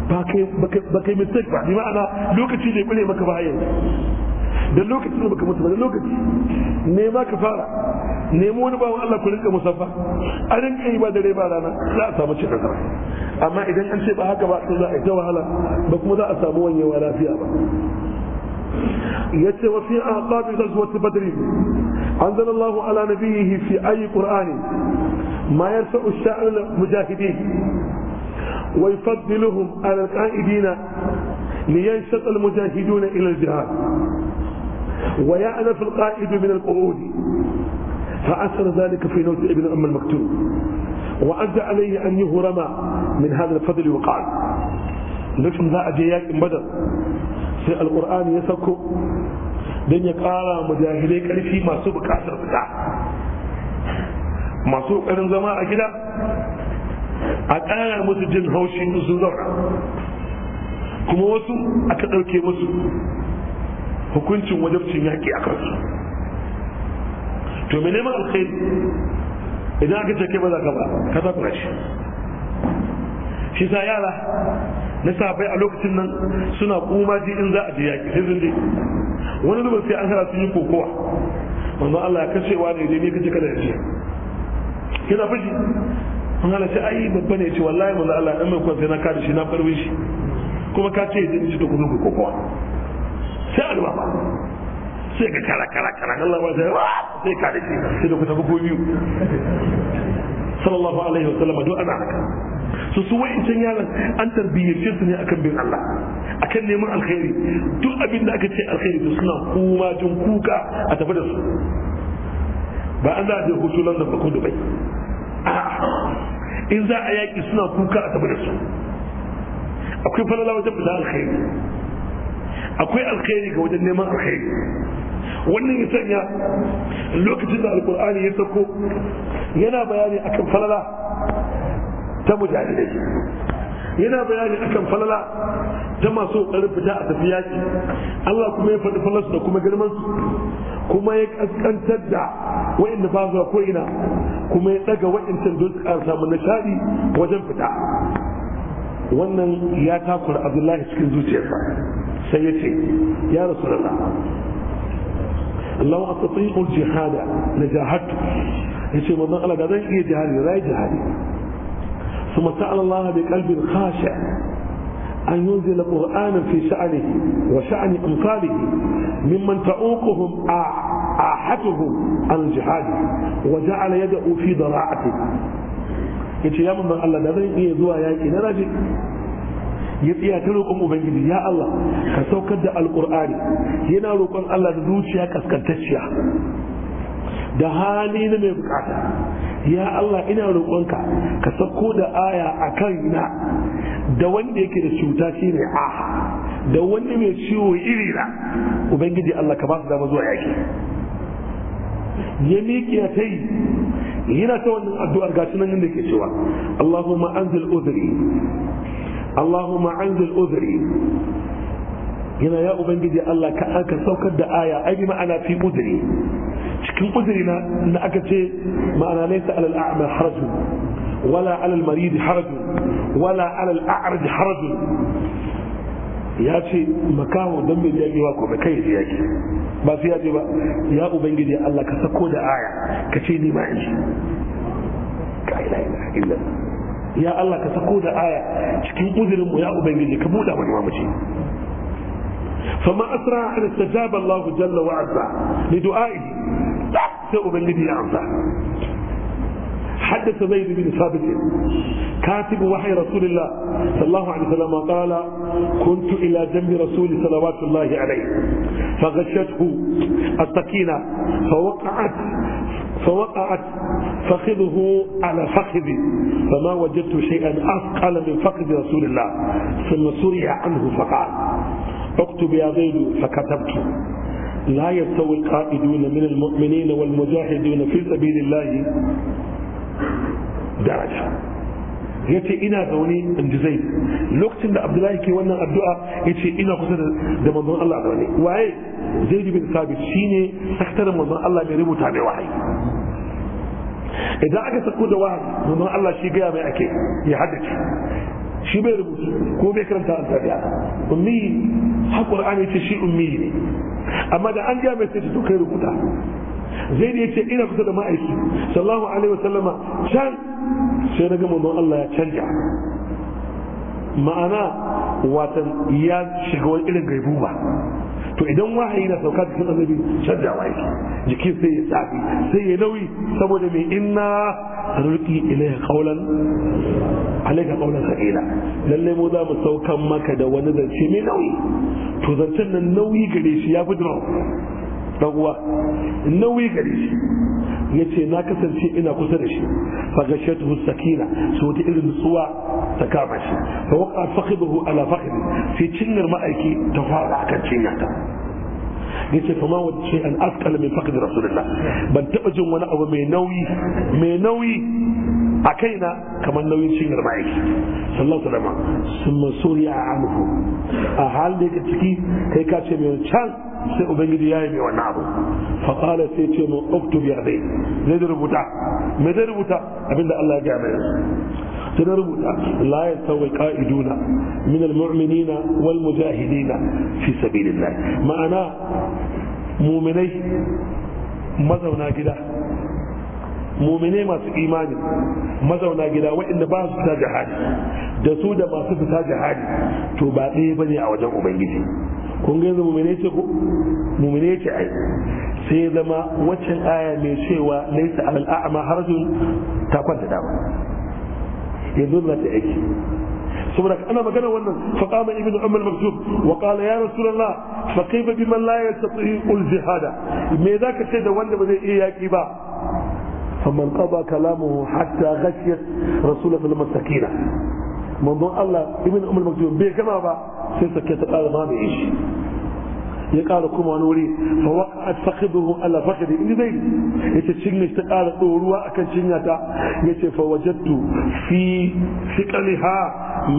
ba kai mistake ba bi ma'ana lokaci ne kure maka ba yanzu da lokaci ne baka mutu ba da lokaci ne ma ka fara mu wani bawan Allah ku rinka musaffa a rinka yi ba dare ba rana za a samu cikin amma idan an ce ba haka ba to za a yi ta wahala ba kuma za a samu wanyewa lafiya ba yace wa fi aqab ghazwat badr anzala Allah ala nabiyhi fi ayi qur'ani ma yarsu ash mujahidin ويفضلهم على القائدين لينشط المجاهدون إلى الجهاد ويعنف القائد من القعود فأثر ذلك في نوت ابن أم المكتوب وأدى عليه أن يهرم من هذا الفضل وقال لكم ذا أجياك بدر في القرآن يسكو دنيا قال ya kara ما karfi كاسر بتاع ما masu ƙoƙarin zama a a ƙara musu jin haushin su zauna kuma wasu aka ɗauke musu hukuncin wajabcin yaƙi a kansu to me neman alkhairi idan aka ce ke ba za ka ba ka za ku shi shi sa yara na safai a lokacin nan suna kuma ji in za a je yaƙi sai zunde je wani zuba sai an hara sun yi kokowa manzon Allah ya kashewa ne dai ne kace kada ya je kina fushi mun ana ce ai babba ne ce wallahi manzo Allah dan mai kwan na kada shi na farbe shi kuma ka ce idan ji to ku zuku kokowa sai alwa ba sai ka kara kara kara Allah ba sai wa sai ka dace sai da ku ko biyu sallallahu alaihi wa sallam duk ana haka su su wa'incan yaran an tarbiyyace su ne akan bin Allah akan neman alkhairi duk abin da aka ce alkhairi to suna kuma jin kuka a tafi da su ba an za a je hutu London ba ko Dubai in za a yaƙi suna kuka a tabi su akwai falala wajen fita alkhairi akwai alkhairi ga wajen neman alkhairi wannan ya sanya lokacin da alkur'ani ya sauko yana bayani akan falala ta mujahidai yana bayani akan falala ta masu ƙarfin fita a tafiya ce. Allah kuma ya faɗi falarsu da kuma girman su kuma ya ƙasƙantar da wa'inda ba zuwa ko ina kuma ya ɗaga wa'incan don su ƙara samun nishadi wajen fita wannan ya takura abdullahi cikin zuciyarsa sai ya ce ya rasu لو أستطيع الجهاد لجاهدت يقول من Allah قال zan iya جهادي rai jihadin. ثم سأل الله بقلب خاشع أن ينزل قرآنا في شأنه وشأن أمثاله ممن تعوقهم آحتهم عن الجهاد وجعل يده في ضراعته yace ya mamman Allah da zan iya zuwa yaƙi na rafi ya tsaya ta roƙon ubangiji ya Allah ka saukar da alƙur'ani yana roƙon Allah da zuciya kaskantacciya da hali na mai bukata ya Allah ina roƙonka ka sako da aya a kaina da wanda yake da cuta shi ne a da wanda mai ciwo iri na ubangiji Allah ka ba su dama zuwa yaki ya miƙe ta yi yana ta wannan addu'ar gashi nan da ke cewa Allahumma anzil udhri Allahumma anzil udhri yana ya ubangiji Allah ka aka saukar da aya ai ma'ana fi udhri cikin uzuri na aka ce ma'ana laysa alal a'ma harajun wala alal marid harajun wala alal a'raj harajun ya ce makaho don mai jagewa ko mai kai ya yake ba su yaje ba ya ubangiji Allah ka sako da aya ka ce ni ma in ji ka ila ila illa ya Allah ka sako da aya cikin uzurin mu ya ubangiji ka buɗa wani mamaci فما أسرع أن استجاب الله جل وعلا لدعائه حدث زيد بن ثابت كاتب وحي رسول الله صلى الله عليه وسلم قال كنت إلى جنب رسول صلوات الله عليه فغشته السكينة فوقعت فوقعت فخذه على فخذي فما وجدت شيئا أثقل من فخذ رسول الله ثم سرع عنه فقال اكتب يا زيد فكتبت لا يستوي القائدون من المؤمنين والمجاهدون في سبيل الله درجة ya ce ina zaune in ji zai lokacin da abdullahi ke wannan addu'a ya ce ina kusa da manzon Allah zaune waye zai bin sabit shine sakataren manzon Allah mai rubuta mai wahayi idan aka sako da wahayi manzon Allah shi gaya mai ake ya haddace shi bai rubutu ko bai karanta an tafiya ummi har qur'ani ce shi ummi ne amma da an ga mai sai to kai rubuta zai da yace ina kusa da ma'aiki sallallahu alaihi sallama can sai na gama don Allah ya canja ma'ana watan ya shiga wani irin gaibu ba to idan wahayi na sauka cikin annabi canja wahayi jiki sai ya tsafi sai ya nauyi saboda mai inna rulki ilaiha qawlan alaika qawlan sa'ila lalle mu za mu saukan maka da wani zance mai nauyi to zancen nan nauyi gare shi ya fi dan nauyi gare shi ce na kasance ina kusa da shi fa gashatuhu sakina su wata irin nutsuwa ta kama shi fa waqa fakhidahu ala fakhidi sai cinyar ma'aiki ta fara akan cinyata ce fa ma wace an askala min fakhidi rasulullah ban taba jin wani abu mai nauyi mai nauyi a kaina kamar nauyin cinyar ma'aiki sallallahu alaihi wasallam sun masuri a anhu a halin da yake ciki kai ka ce mai can sai ubangiji ya yi mai wannan abu faƙala sai ce mun oktob ya dai zai da rubuta me zai rubuta abinda Allah ya gaya mai sai na rubuta la ya sauwa ka'iduna min al-mu'minina wal mujahidina fi sabilillah ma'ana muminai mazauna gida mumine masu imani mazauna gida waɗanda ba su fita jihadi da su da masu fita jihadi to ba ɗaya bane a wajen ubangiji kun ga yanzu mumine ce ko mumine ce ai sai zama waccan aya mai cewa laisa al a'ma harjun ta kwanta da yanzu za ta aiki saboda ana magana wannan fa qama ibnu umm al-maktub wa qala ya rasulullah fa kayfa biman la yastati al-jihada me zaka ce da wanda ba zai iya yaki ba فمن قضى كلامه حتى غشيت رسوله صلى الله عليه موضوع الله ابن ام المكتوب بيه كما با سيسا كي تقال ما بيش يقال كما نوري فوقعت فخذه على فخده اني ذي يتي شنج تقال اكن شنجتا يتي فوجدت في ثقلها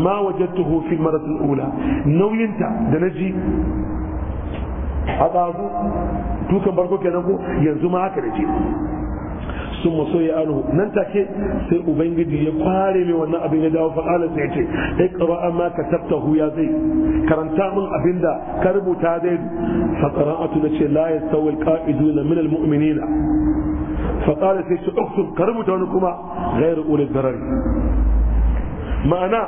ما وجدته في المرة الاولى نوينتا دنجي هذا هو توكا برقو كنبو ينزو ما هكذا جيب sun maso ya anhu nan take sai ubangiji ya kware mai wannan abin ya dawo fa'ala sai ce ai qara amma katabtahu ya zai karanta min abinda ka rubuta zai fa qara'atu nace la yastawi alqa'iduna min almu'minina fa qala sai ce uktub ka rubuta wani kuma ghairu ulil darar ma'ana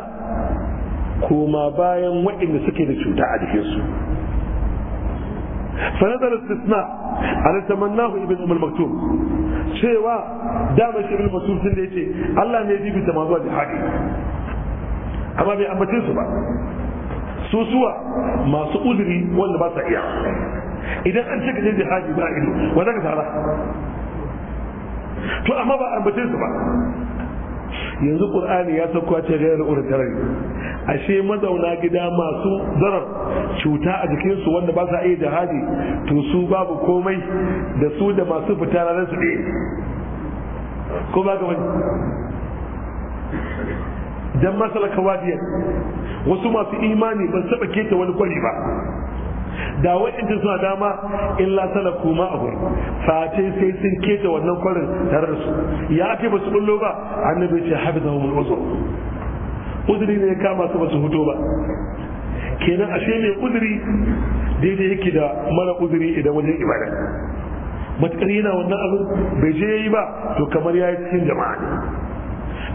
koma bayan waɗanda suke da cuta a jikinsu فنزل استثناء على تمناه ابن ام المكتوم cewa dama shi ibn masud sun da ce Allah ne da mazuwa da jihadi amma bai ambace su ba su suwa masu uzuri wanda ba sa iya idan an ce ka je jihadi ba ido wanda ka fara, to amma ba ambace su ba yanzu qur'ani ya sauko cikin gairu urtarar ashe mazauna gida masu zarar cuta a jikinsu wanda ba sa iya jihadi to su babu komai da su da masu fita na su ɗaya ko ba ga wani dan masalaka wadiyar wasu masu imani ban saba keta wani kwari ba da waɗanda suna dama illa salaku ma a guri ce sai sun keta wannan kwarin tare da su ya ake ba su bullo ba annabi ce hafizahumul uzur uzuri ne ya kama su ba su huto ba kenan ashe mai uzuri daidai yake da mara uzuri idan wajen ibada matakar yana wannan abin bai je yi ba to kamar ya yi cikin jama'a ne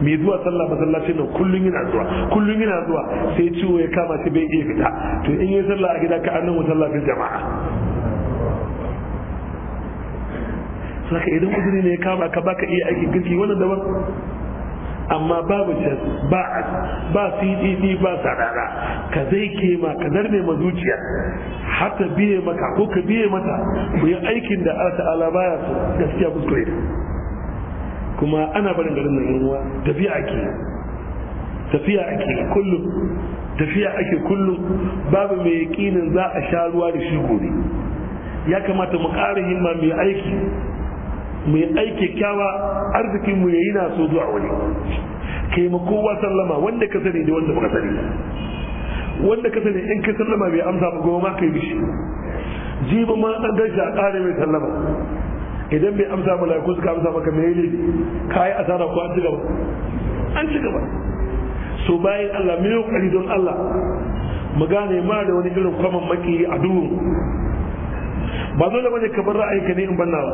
mai zuwa sallah masallacin nan kullum yana zuwa kullum yana zuwa sai ciwo ya kama shi bai iya fita to in yi sallah a gida ka annan fil jama'a saka idan uzuri ne ya kama ka baka iya aikin kirki wannan daban amma babu can ba ba cdd ba sarara ka zai kema ka zarme ma zuciya har ta biye maka ko ka biye mata ku yi aikin da Allah ta'ala baya so gaskiya kuskure kuma ana barin garin nan ruwa tafiya ake tafiya ake kullum tafiya ake kullum babu mai yakinin za a sha ruwa da shi gobe ya kamata mu ƙara himma mai aiki mai aiki kyawa arzikin mu yayi na so zuwa wani kai mu kowa sallama wanda ka sani da wanda baka sani wanda ka sani in ka sallama bai amsa ba goma kai bishi jibi ma dan gashi a ƙara mai sallama idan bai amsa mala'iku suka amsa maka me ne kai asara ko an ci gaba an ci so bayan Allah me kari don Allah mu gane ma da wani irin kwaman maki a duhun ba zo da wani kamar ra'ayi ka ne in banna ba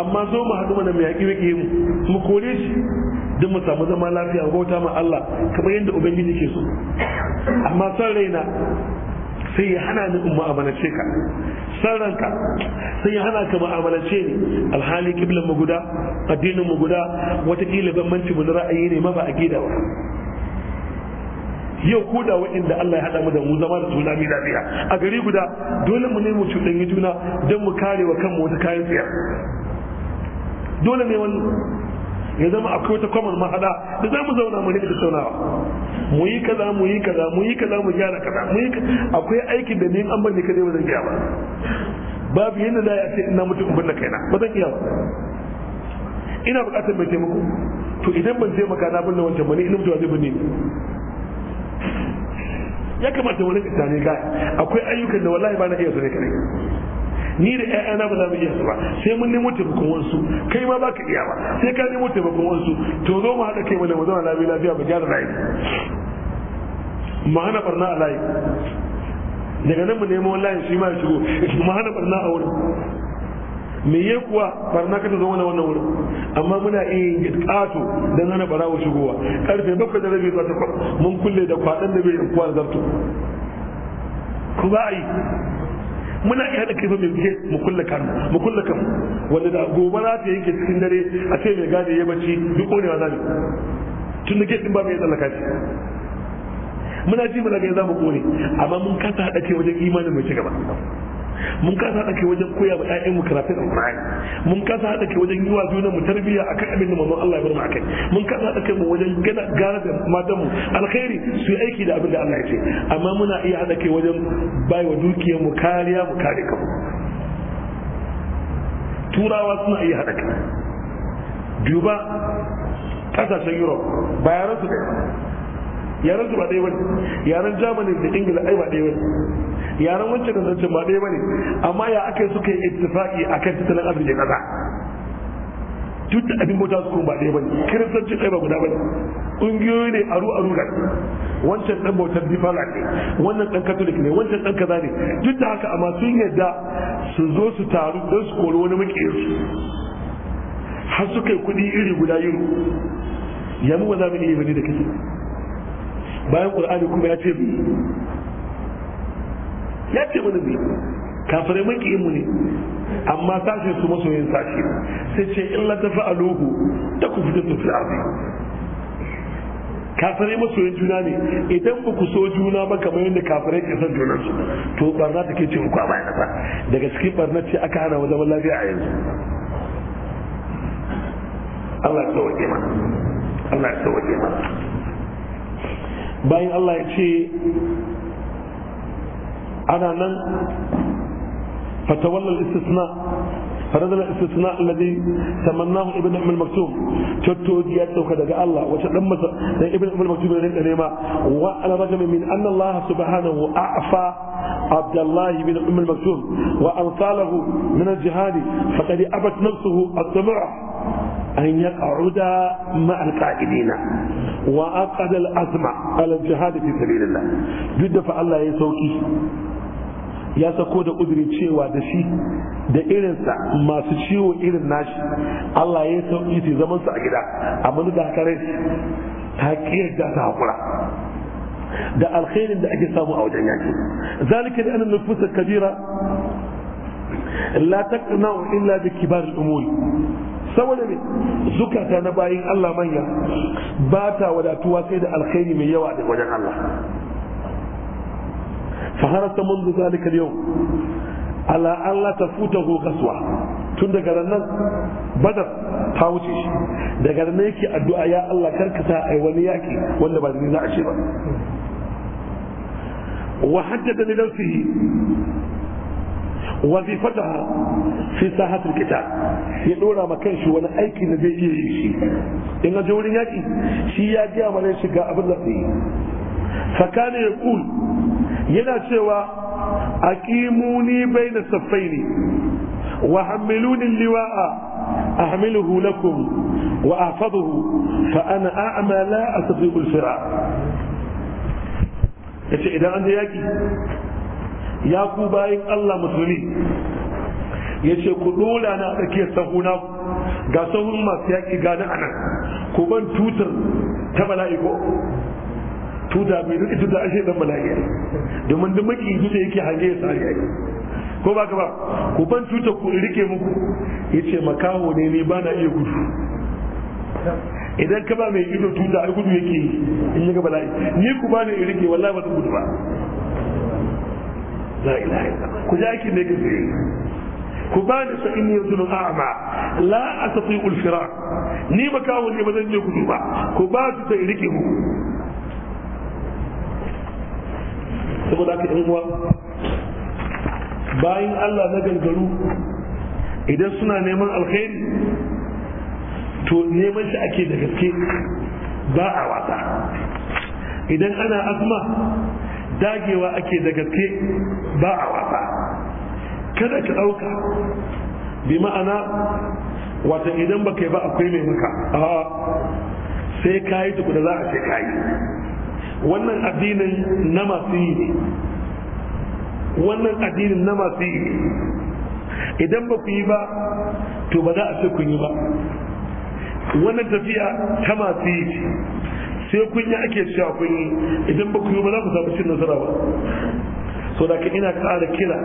amma zo mu haɗu mana mu yaƙi wake mu mu kore shi don mu samu zama lafiya bauta ma Allah kamar yadda ubangiji ke so amma son raina sai ya hana ni in mu'amalance ka san ranka sun yi hana ka mu'amalance ne alhali kiblan mu guda addinin mu guda watakila bambanci mu na ra'ayi ne ma ba a gida ba yau ko da waɗanda Allah ya haɗa mu da mu zama da juna mai lafiya a gari guda dole mu ne mu cuɗanyi juna don mu kare wa kanmu wata kayan tsiya dole ne wani ya zama akwai wata kwamar mahaɗa da za mu zauna mu ne da saunawa mu yi kaza mu yi kaza mu yi kaza mu gyara kaza mu yi akwai aikin da ni an bar ni kadai ba zan ba babu yadda za a ce ina mutum in binne kaina ba zan iya ba ina bukatar mai taimako to idan ban taimaka na bunna wancan ba ni ina mutuwa zai bunne ni ya kamata wani ne ga akwai ayyukan da wallahi ba na iya su ne ni da ƴaƴana ba za mu iya su ba sai mun nemo taimakon wasu kai ma baka iya ba sai ka nemo taimakon wasu to zo mu haɗa kai mu mu zama lafiya lafiya mu gyara layi mu hana barna a layi daga nan mu nemo layin shi ma ya shigo mu hana barna a wurin me ya kuwa barna ka zo mana wannan wurin amma muna iya yin kato dan hana barawo shigowa karfe bakwai da rabi zuwa ta mun kulle da kwaɗan da bai in kuwa zarto ku ba a yi muna iya da kifa mai fice mu kulla kan mu kulla kan wanda da gobe za ta yanke cikin dare a ce mai gadi ya bacci duk kone za mu tun da gefin ba mai tsallaka shi muna ji muna ga za mu kone amma mun kasa haɗa ce wajen imanin mai ci gaba mun kasa haɗa kai wajen koya wa ƴaƴan mu da Qur'ani mun kasa haɗa kai wajen yi wa junan mu tarbiyya akan abin da manzon Allah ya bar mu akai mun kasa haɗa kai mu wajen gana gara da matan mu alkhairi su yi aiki da abin da Allah ya ce amma muna iya haɗa kai wajen bai wa dukiyar mu kariya mu kare kanmu turawa suna iya haɗa kai duba kasashen europe bayanan su yaran su ba ɗaya bane yaran germany da ingila ai ba ɗaya bane yaran wancan da zancen ba ɗaya bane amma ya aka suka yi a kan tattalin arzikin ƙasa duk da abin bauta su ba ɗaya bane kiristanci ɗaya ba guda bane ƙungiyoyi ne aru aru ga wancan ɗan bautar difala ne wannan ɗan katolik ne wancan ɗan kaza ne duk da haka amma sun yadda su zo su taru don su kori wani su, har suka yi kuɗi iri guda yiro yanzu ba za mu iya yi da kake bayan qur'ani kuma ya ce ya ce mana ne kafirai maki makiyin ne amma sashen su maso yin sashe sai ce in la tafi lohu ta ku fita tafi arzi kafirai maso yin juna ne idan ba ku so juna ba kamar yadda kafirai ke son junan su to barna take ce muku a bayan kasa daga cikin barna ce aka hana wa zaman lafiya a yanzu Allah ya sauke mana Allah ya sauke mana bayan Allah ya ce ana nan fatawallar istisna faradar istisna alladhi tamannahu ibn umm maktum tattoji ya dauka daga Allah wace dan masa dan ibn umm maktum ne rinka nema wa ala rajam min anna Allah subhanahu a'fa Abdullah ibn umm al-maktum wa ansalahu min al-jihad faqad abat nafsuhu at-tamu'a أن يقعد مع القائدين وأقعد الأزمة على الجهاد في سبيل الله جد فالله يسوكي ya sako da ƙudurin cewa da shi da irinsa masu ciwo irin nashi Allah ya sauki su zaman su a gida amma da haka rai ta kiyarda ta hakura da alkhairin da ake samu a wajen yaki zalika da annan nufusa kabira la taqna illa bi kibar al-umuri saboda me zukata na bayin Allah manya ba ta wadatuwa sai da alkhairi mai yawa da wajen Allah fa harasta zalika yau ala Allah ta futa go غزوة tun daga nan badar ta wuce shi daga nan yake addu'a ya Allah karkata ai wani yaki wanda ba da za a ce ba wa haddada ni nafsihi wazifataha fi sahatul kitab ya dora ma kanshi wani aiki da zai iya yi shi in ga wurin yaki shi ya ga mana shiga abin da zai ya kul yana cewa aqimuni baina saffaini wa hammiluni liwa'a أحمله لكم وأحفظه فأنا أعمى لا أستطيع الفراق yace idan an je yaki ya ku bayin Allah musulmi ya ce ku dola na tsakiyar sahuna ga sahun masu yaƙi gani a nan ku ban tutar ta bala'i ko tuta mai duk tuta a ashe dan bala'i domin duk maki duk yake hange ya sare ai ko ba ka ba ku ban tutar ku rike muku ce makaho ne ni ba na iya gudu idan ka ba mai ido tuta a gudu yake in ya ga bala'i ni ku ba ne in rike wallahi ba zan gudu ba la ilaha illallah ku ja ki ne ku ba ni sa'in ya a'ma la astati'u al-fira ni ba kawo ne ba zan je ku ba ku ba su sai rike mu saboda haka ɗan uwa bayan Allah na gangaru idan suna neman alkhairi to neman shi ake da gaske ba a wasa idan ana asma dagewa ake da gaske ba a wasa kada ka ɗauka bi ma'ana wata idan ba kai ba akwai mai maka sai ka yi tukuna za a ce ka yi wannan addinin na masu yi ne wannan addinin na masu yi ne idan ba ku yi ba to ba za a ce kun yi ba wannan tafiya ta masu yi sai kun yi ake cewa kun yi idan ba ku yi ba za ku samu cin nasara ba so da ina ƙara kira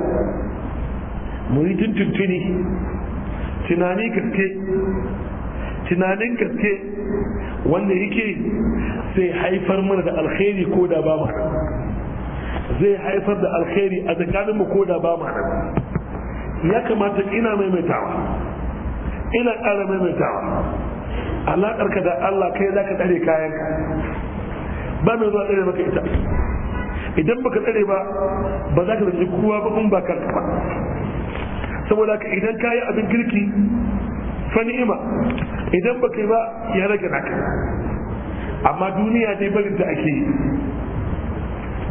mu yi tuntuntuni tunani gaske tunanin gaske wanda yake sai haifar mana da alkhairi ko da ba ma zai haifar da alkhairi a tsakaninmu ko da ba ma ya kamata ina maimaitawa ina ƙara maimaitawa alaƙar ka da Allah kai za ka tsare kayan ka ba mai zuwa tsare maka ita idan baka tsare ba ba za ka zargi kowa ba ba ka ba saboda ka idan kayi abin kirki fa ni'ima idan baka yi ba ya rage naka amma duniya dai barin ta ake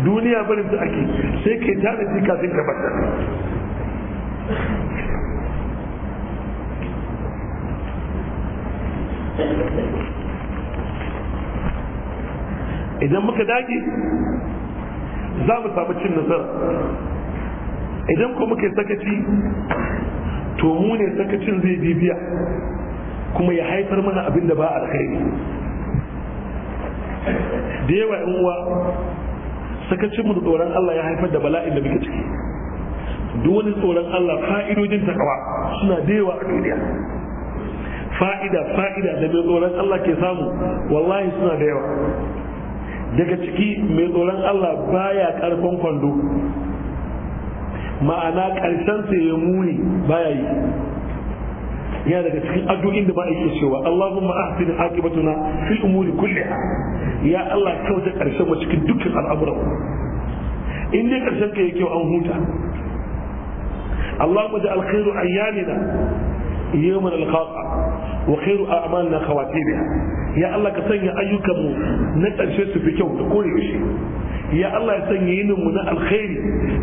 duniya barin ta ake sai ke tare ji kafin ka bata idan muka dage za mu samu cin nasara idan ku muka sakaci to mu ne sakacin zai bibiya kuma ya haifar mana abin da ba alkhairi da yawa yan uwa sakacin mu da tsoron Allah ya haifar da bala'in da muke ciki duk wani tsoron Allah fa'idojin takawa suna da yawa a duniya fa'ida fa'ida da mai tsoron Allah ke samu wallahi suna da yawa daga ciki mai tsoron Allah baya karfin kwando ma'ana karshen sai ya muni baya yi ya daga cikin addu'in da ba yi cewa Allahumma ahsin aqibatuna fil umuri kulliha ya Allah kauta karshen mu cikin dukkan al'amuran in dai karshen ka yake an huta Allahumma ja'al khairu yi yawman al-khaqa wa khairu a'malina khawatiriha ya Allah ka sanya ayyukan mu na karshe su fi kyau da kore shi ya Allah ya sanya yinin mu na alkhairi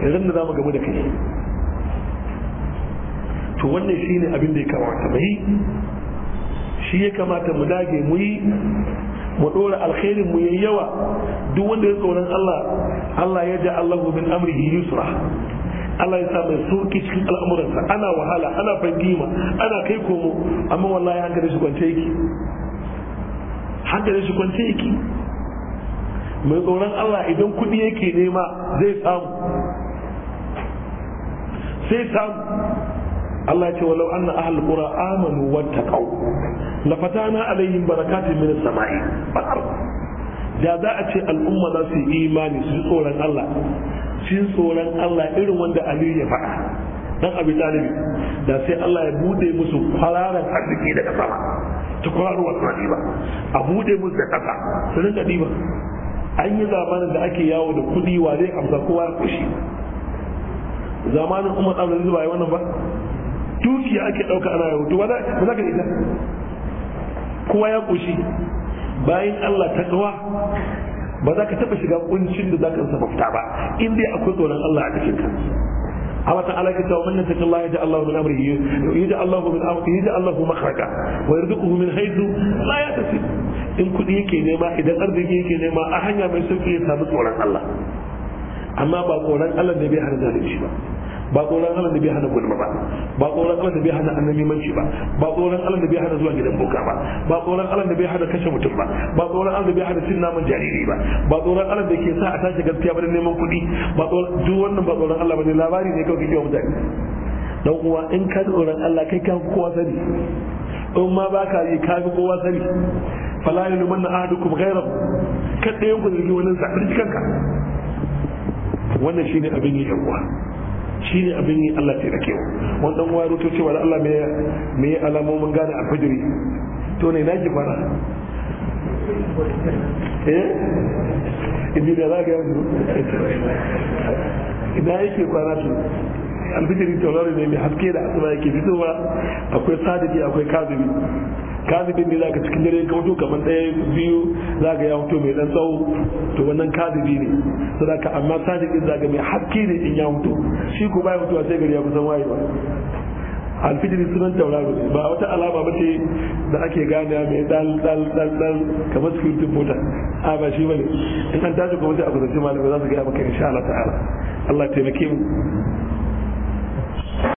idan da zamu gamu da kai to wannan shine abin da ya kamata mu yi shi ya kamata mu dage mu yi mu dora alkhairin mu yayi yawa duk wanda ya tsoron Allah Allah ya ja Allahu min amrihi yusra Allah ya sa mai sauki cikin al'amuransa ana wahala ana fangima ana kai komo amma wallahi hankali shi kwance yake hankali shi kwance yake mai tsoron Allah idan kuɗi yake nema zai samu sai samu Allah ya ce walau anna ahal qura amanu wattaqau lafatana alaihim barakatun minas sama'i wal da za a ce al'umma za su yi imani su ji tsoron Allah shi tsoron Allah irin wanda Ali ya faɗa dan Abi Talib da sai Allah ya bude musu kwararan arziki daga sama ta kwararuwar rani ba a bude musu da ƙasa su rinka an yi zamanin da ake yawo da kuɗi wa zai amsa kowa ya kushi zamanin umar Abdul Aziz ya wannan ba dukiya ake ɗauka ana yawo to ba za ka ita kowa ya kushi bayan Allah ta gawa ba za ka taɓa shiga kuncin da za ka mafita ba in dai akwai tsoron Allah a cikin ka Allah ta alaka ta wannan ta Allah ya ji Allah min ya ji Allah min ya ji Allah makhraja wa yarzuquhu min haythu la yahtasib in kudi yake nema idan arziki yake nema a hanya mai sauki ya samu tsoron Allah amma ba tsoron Allah ne bai har da shi ba ba tsoron Allah da bai hana gudu ba ba tsoron Allah da bai hana limanci ba ba tsoron Allah da bai hana zuwa gidan boka ba ba tsoron Allah da bai hana kashe mutum ba ba tsoron Allah da bai hana cin naman jariri ba ba tsoron Allah da ke sa a tashi gaskiya bane neman kuɗi ba tsoron duk wannan ba tsoron Allah ba labari ne kawai kike mutane dan uwa in ka tsoron Allah kai ka kowa sani in ma ba ka yi ka kowa sani fala yulmanna ahadukum ghayrahu kada yanku zargi wani sa kanka wannan shine abin yi yan shi ne abin yi Allah ta rake wani dan wani rutu cewa da Allah me yi alamomin gane a fajiri to ne na fara eh ibi da za ka yanzu ina yake kwana su alfijiri taurari ne mai haske da asuba yake fitowa akwai sadiki akwai kazumi kazibin ne zaka cikin dare ka fito kamar ɗaya biyu zaka ya fito mai dan tsawo to wannan kazibi ne saboda amma sadiqin zaka mai hakki ne in ya fito shi ko bai fito sai gari ya kusan al alfijiri sunan tauraro ne ba wata alama ba ce da ake gane mai dal dal dal dal kamar security mota a ba shi bane in an tashi kuma sai a kusanci malamai za su gaya maka insha Allah ta'ala Allah taimake mu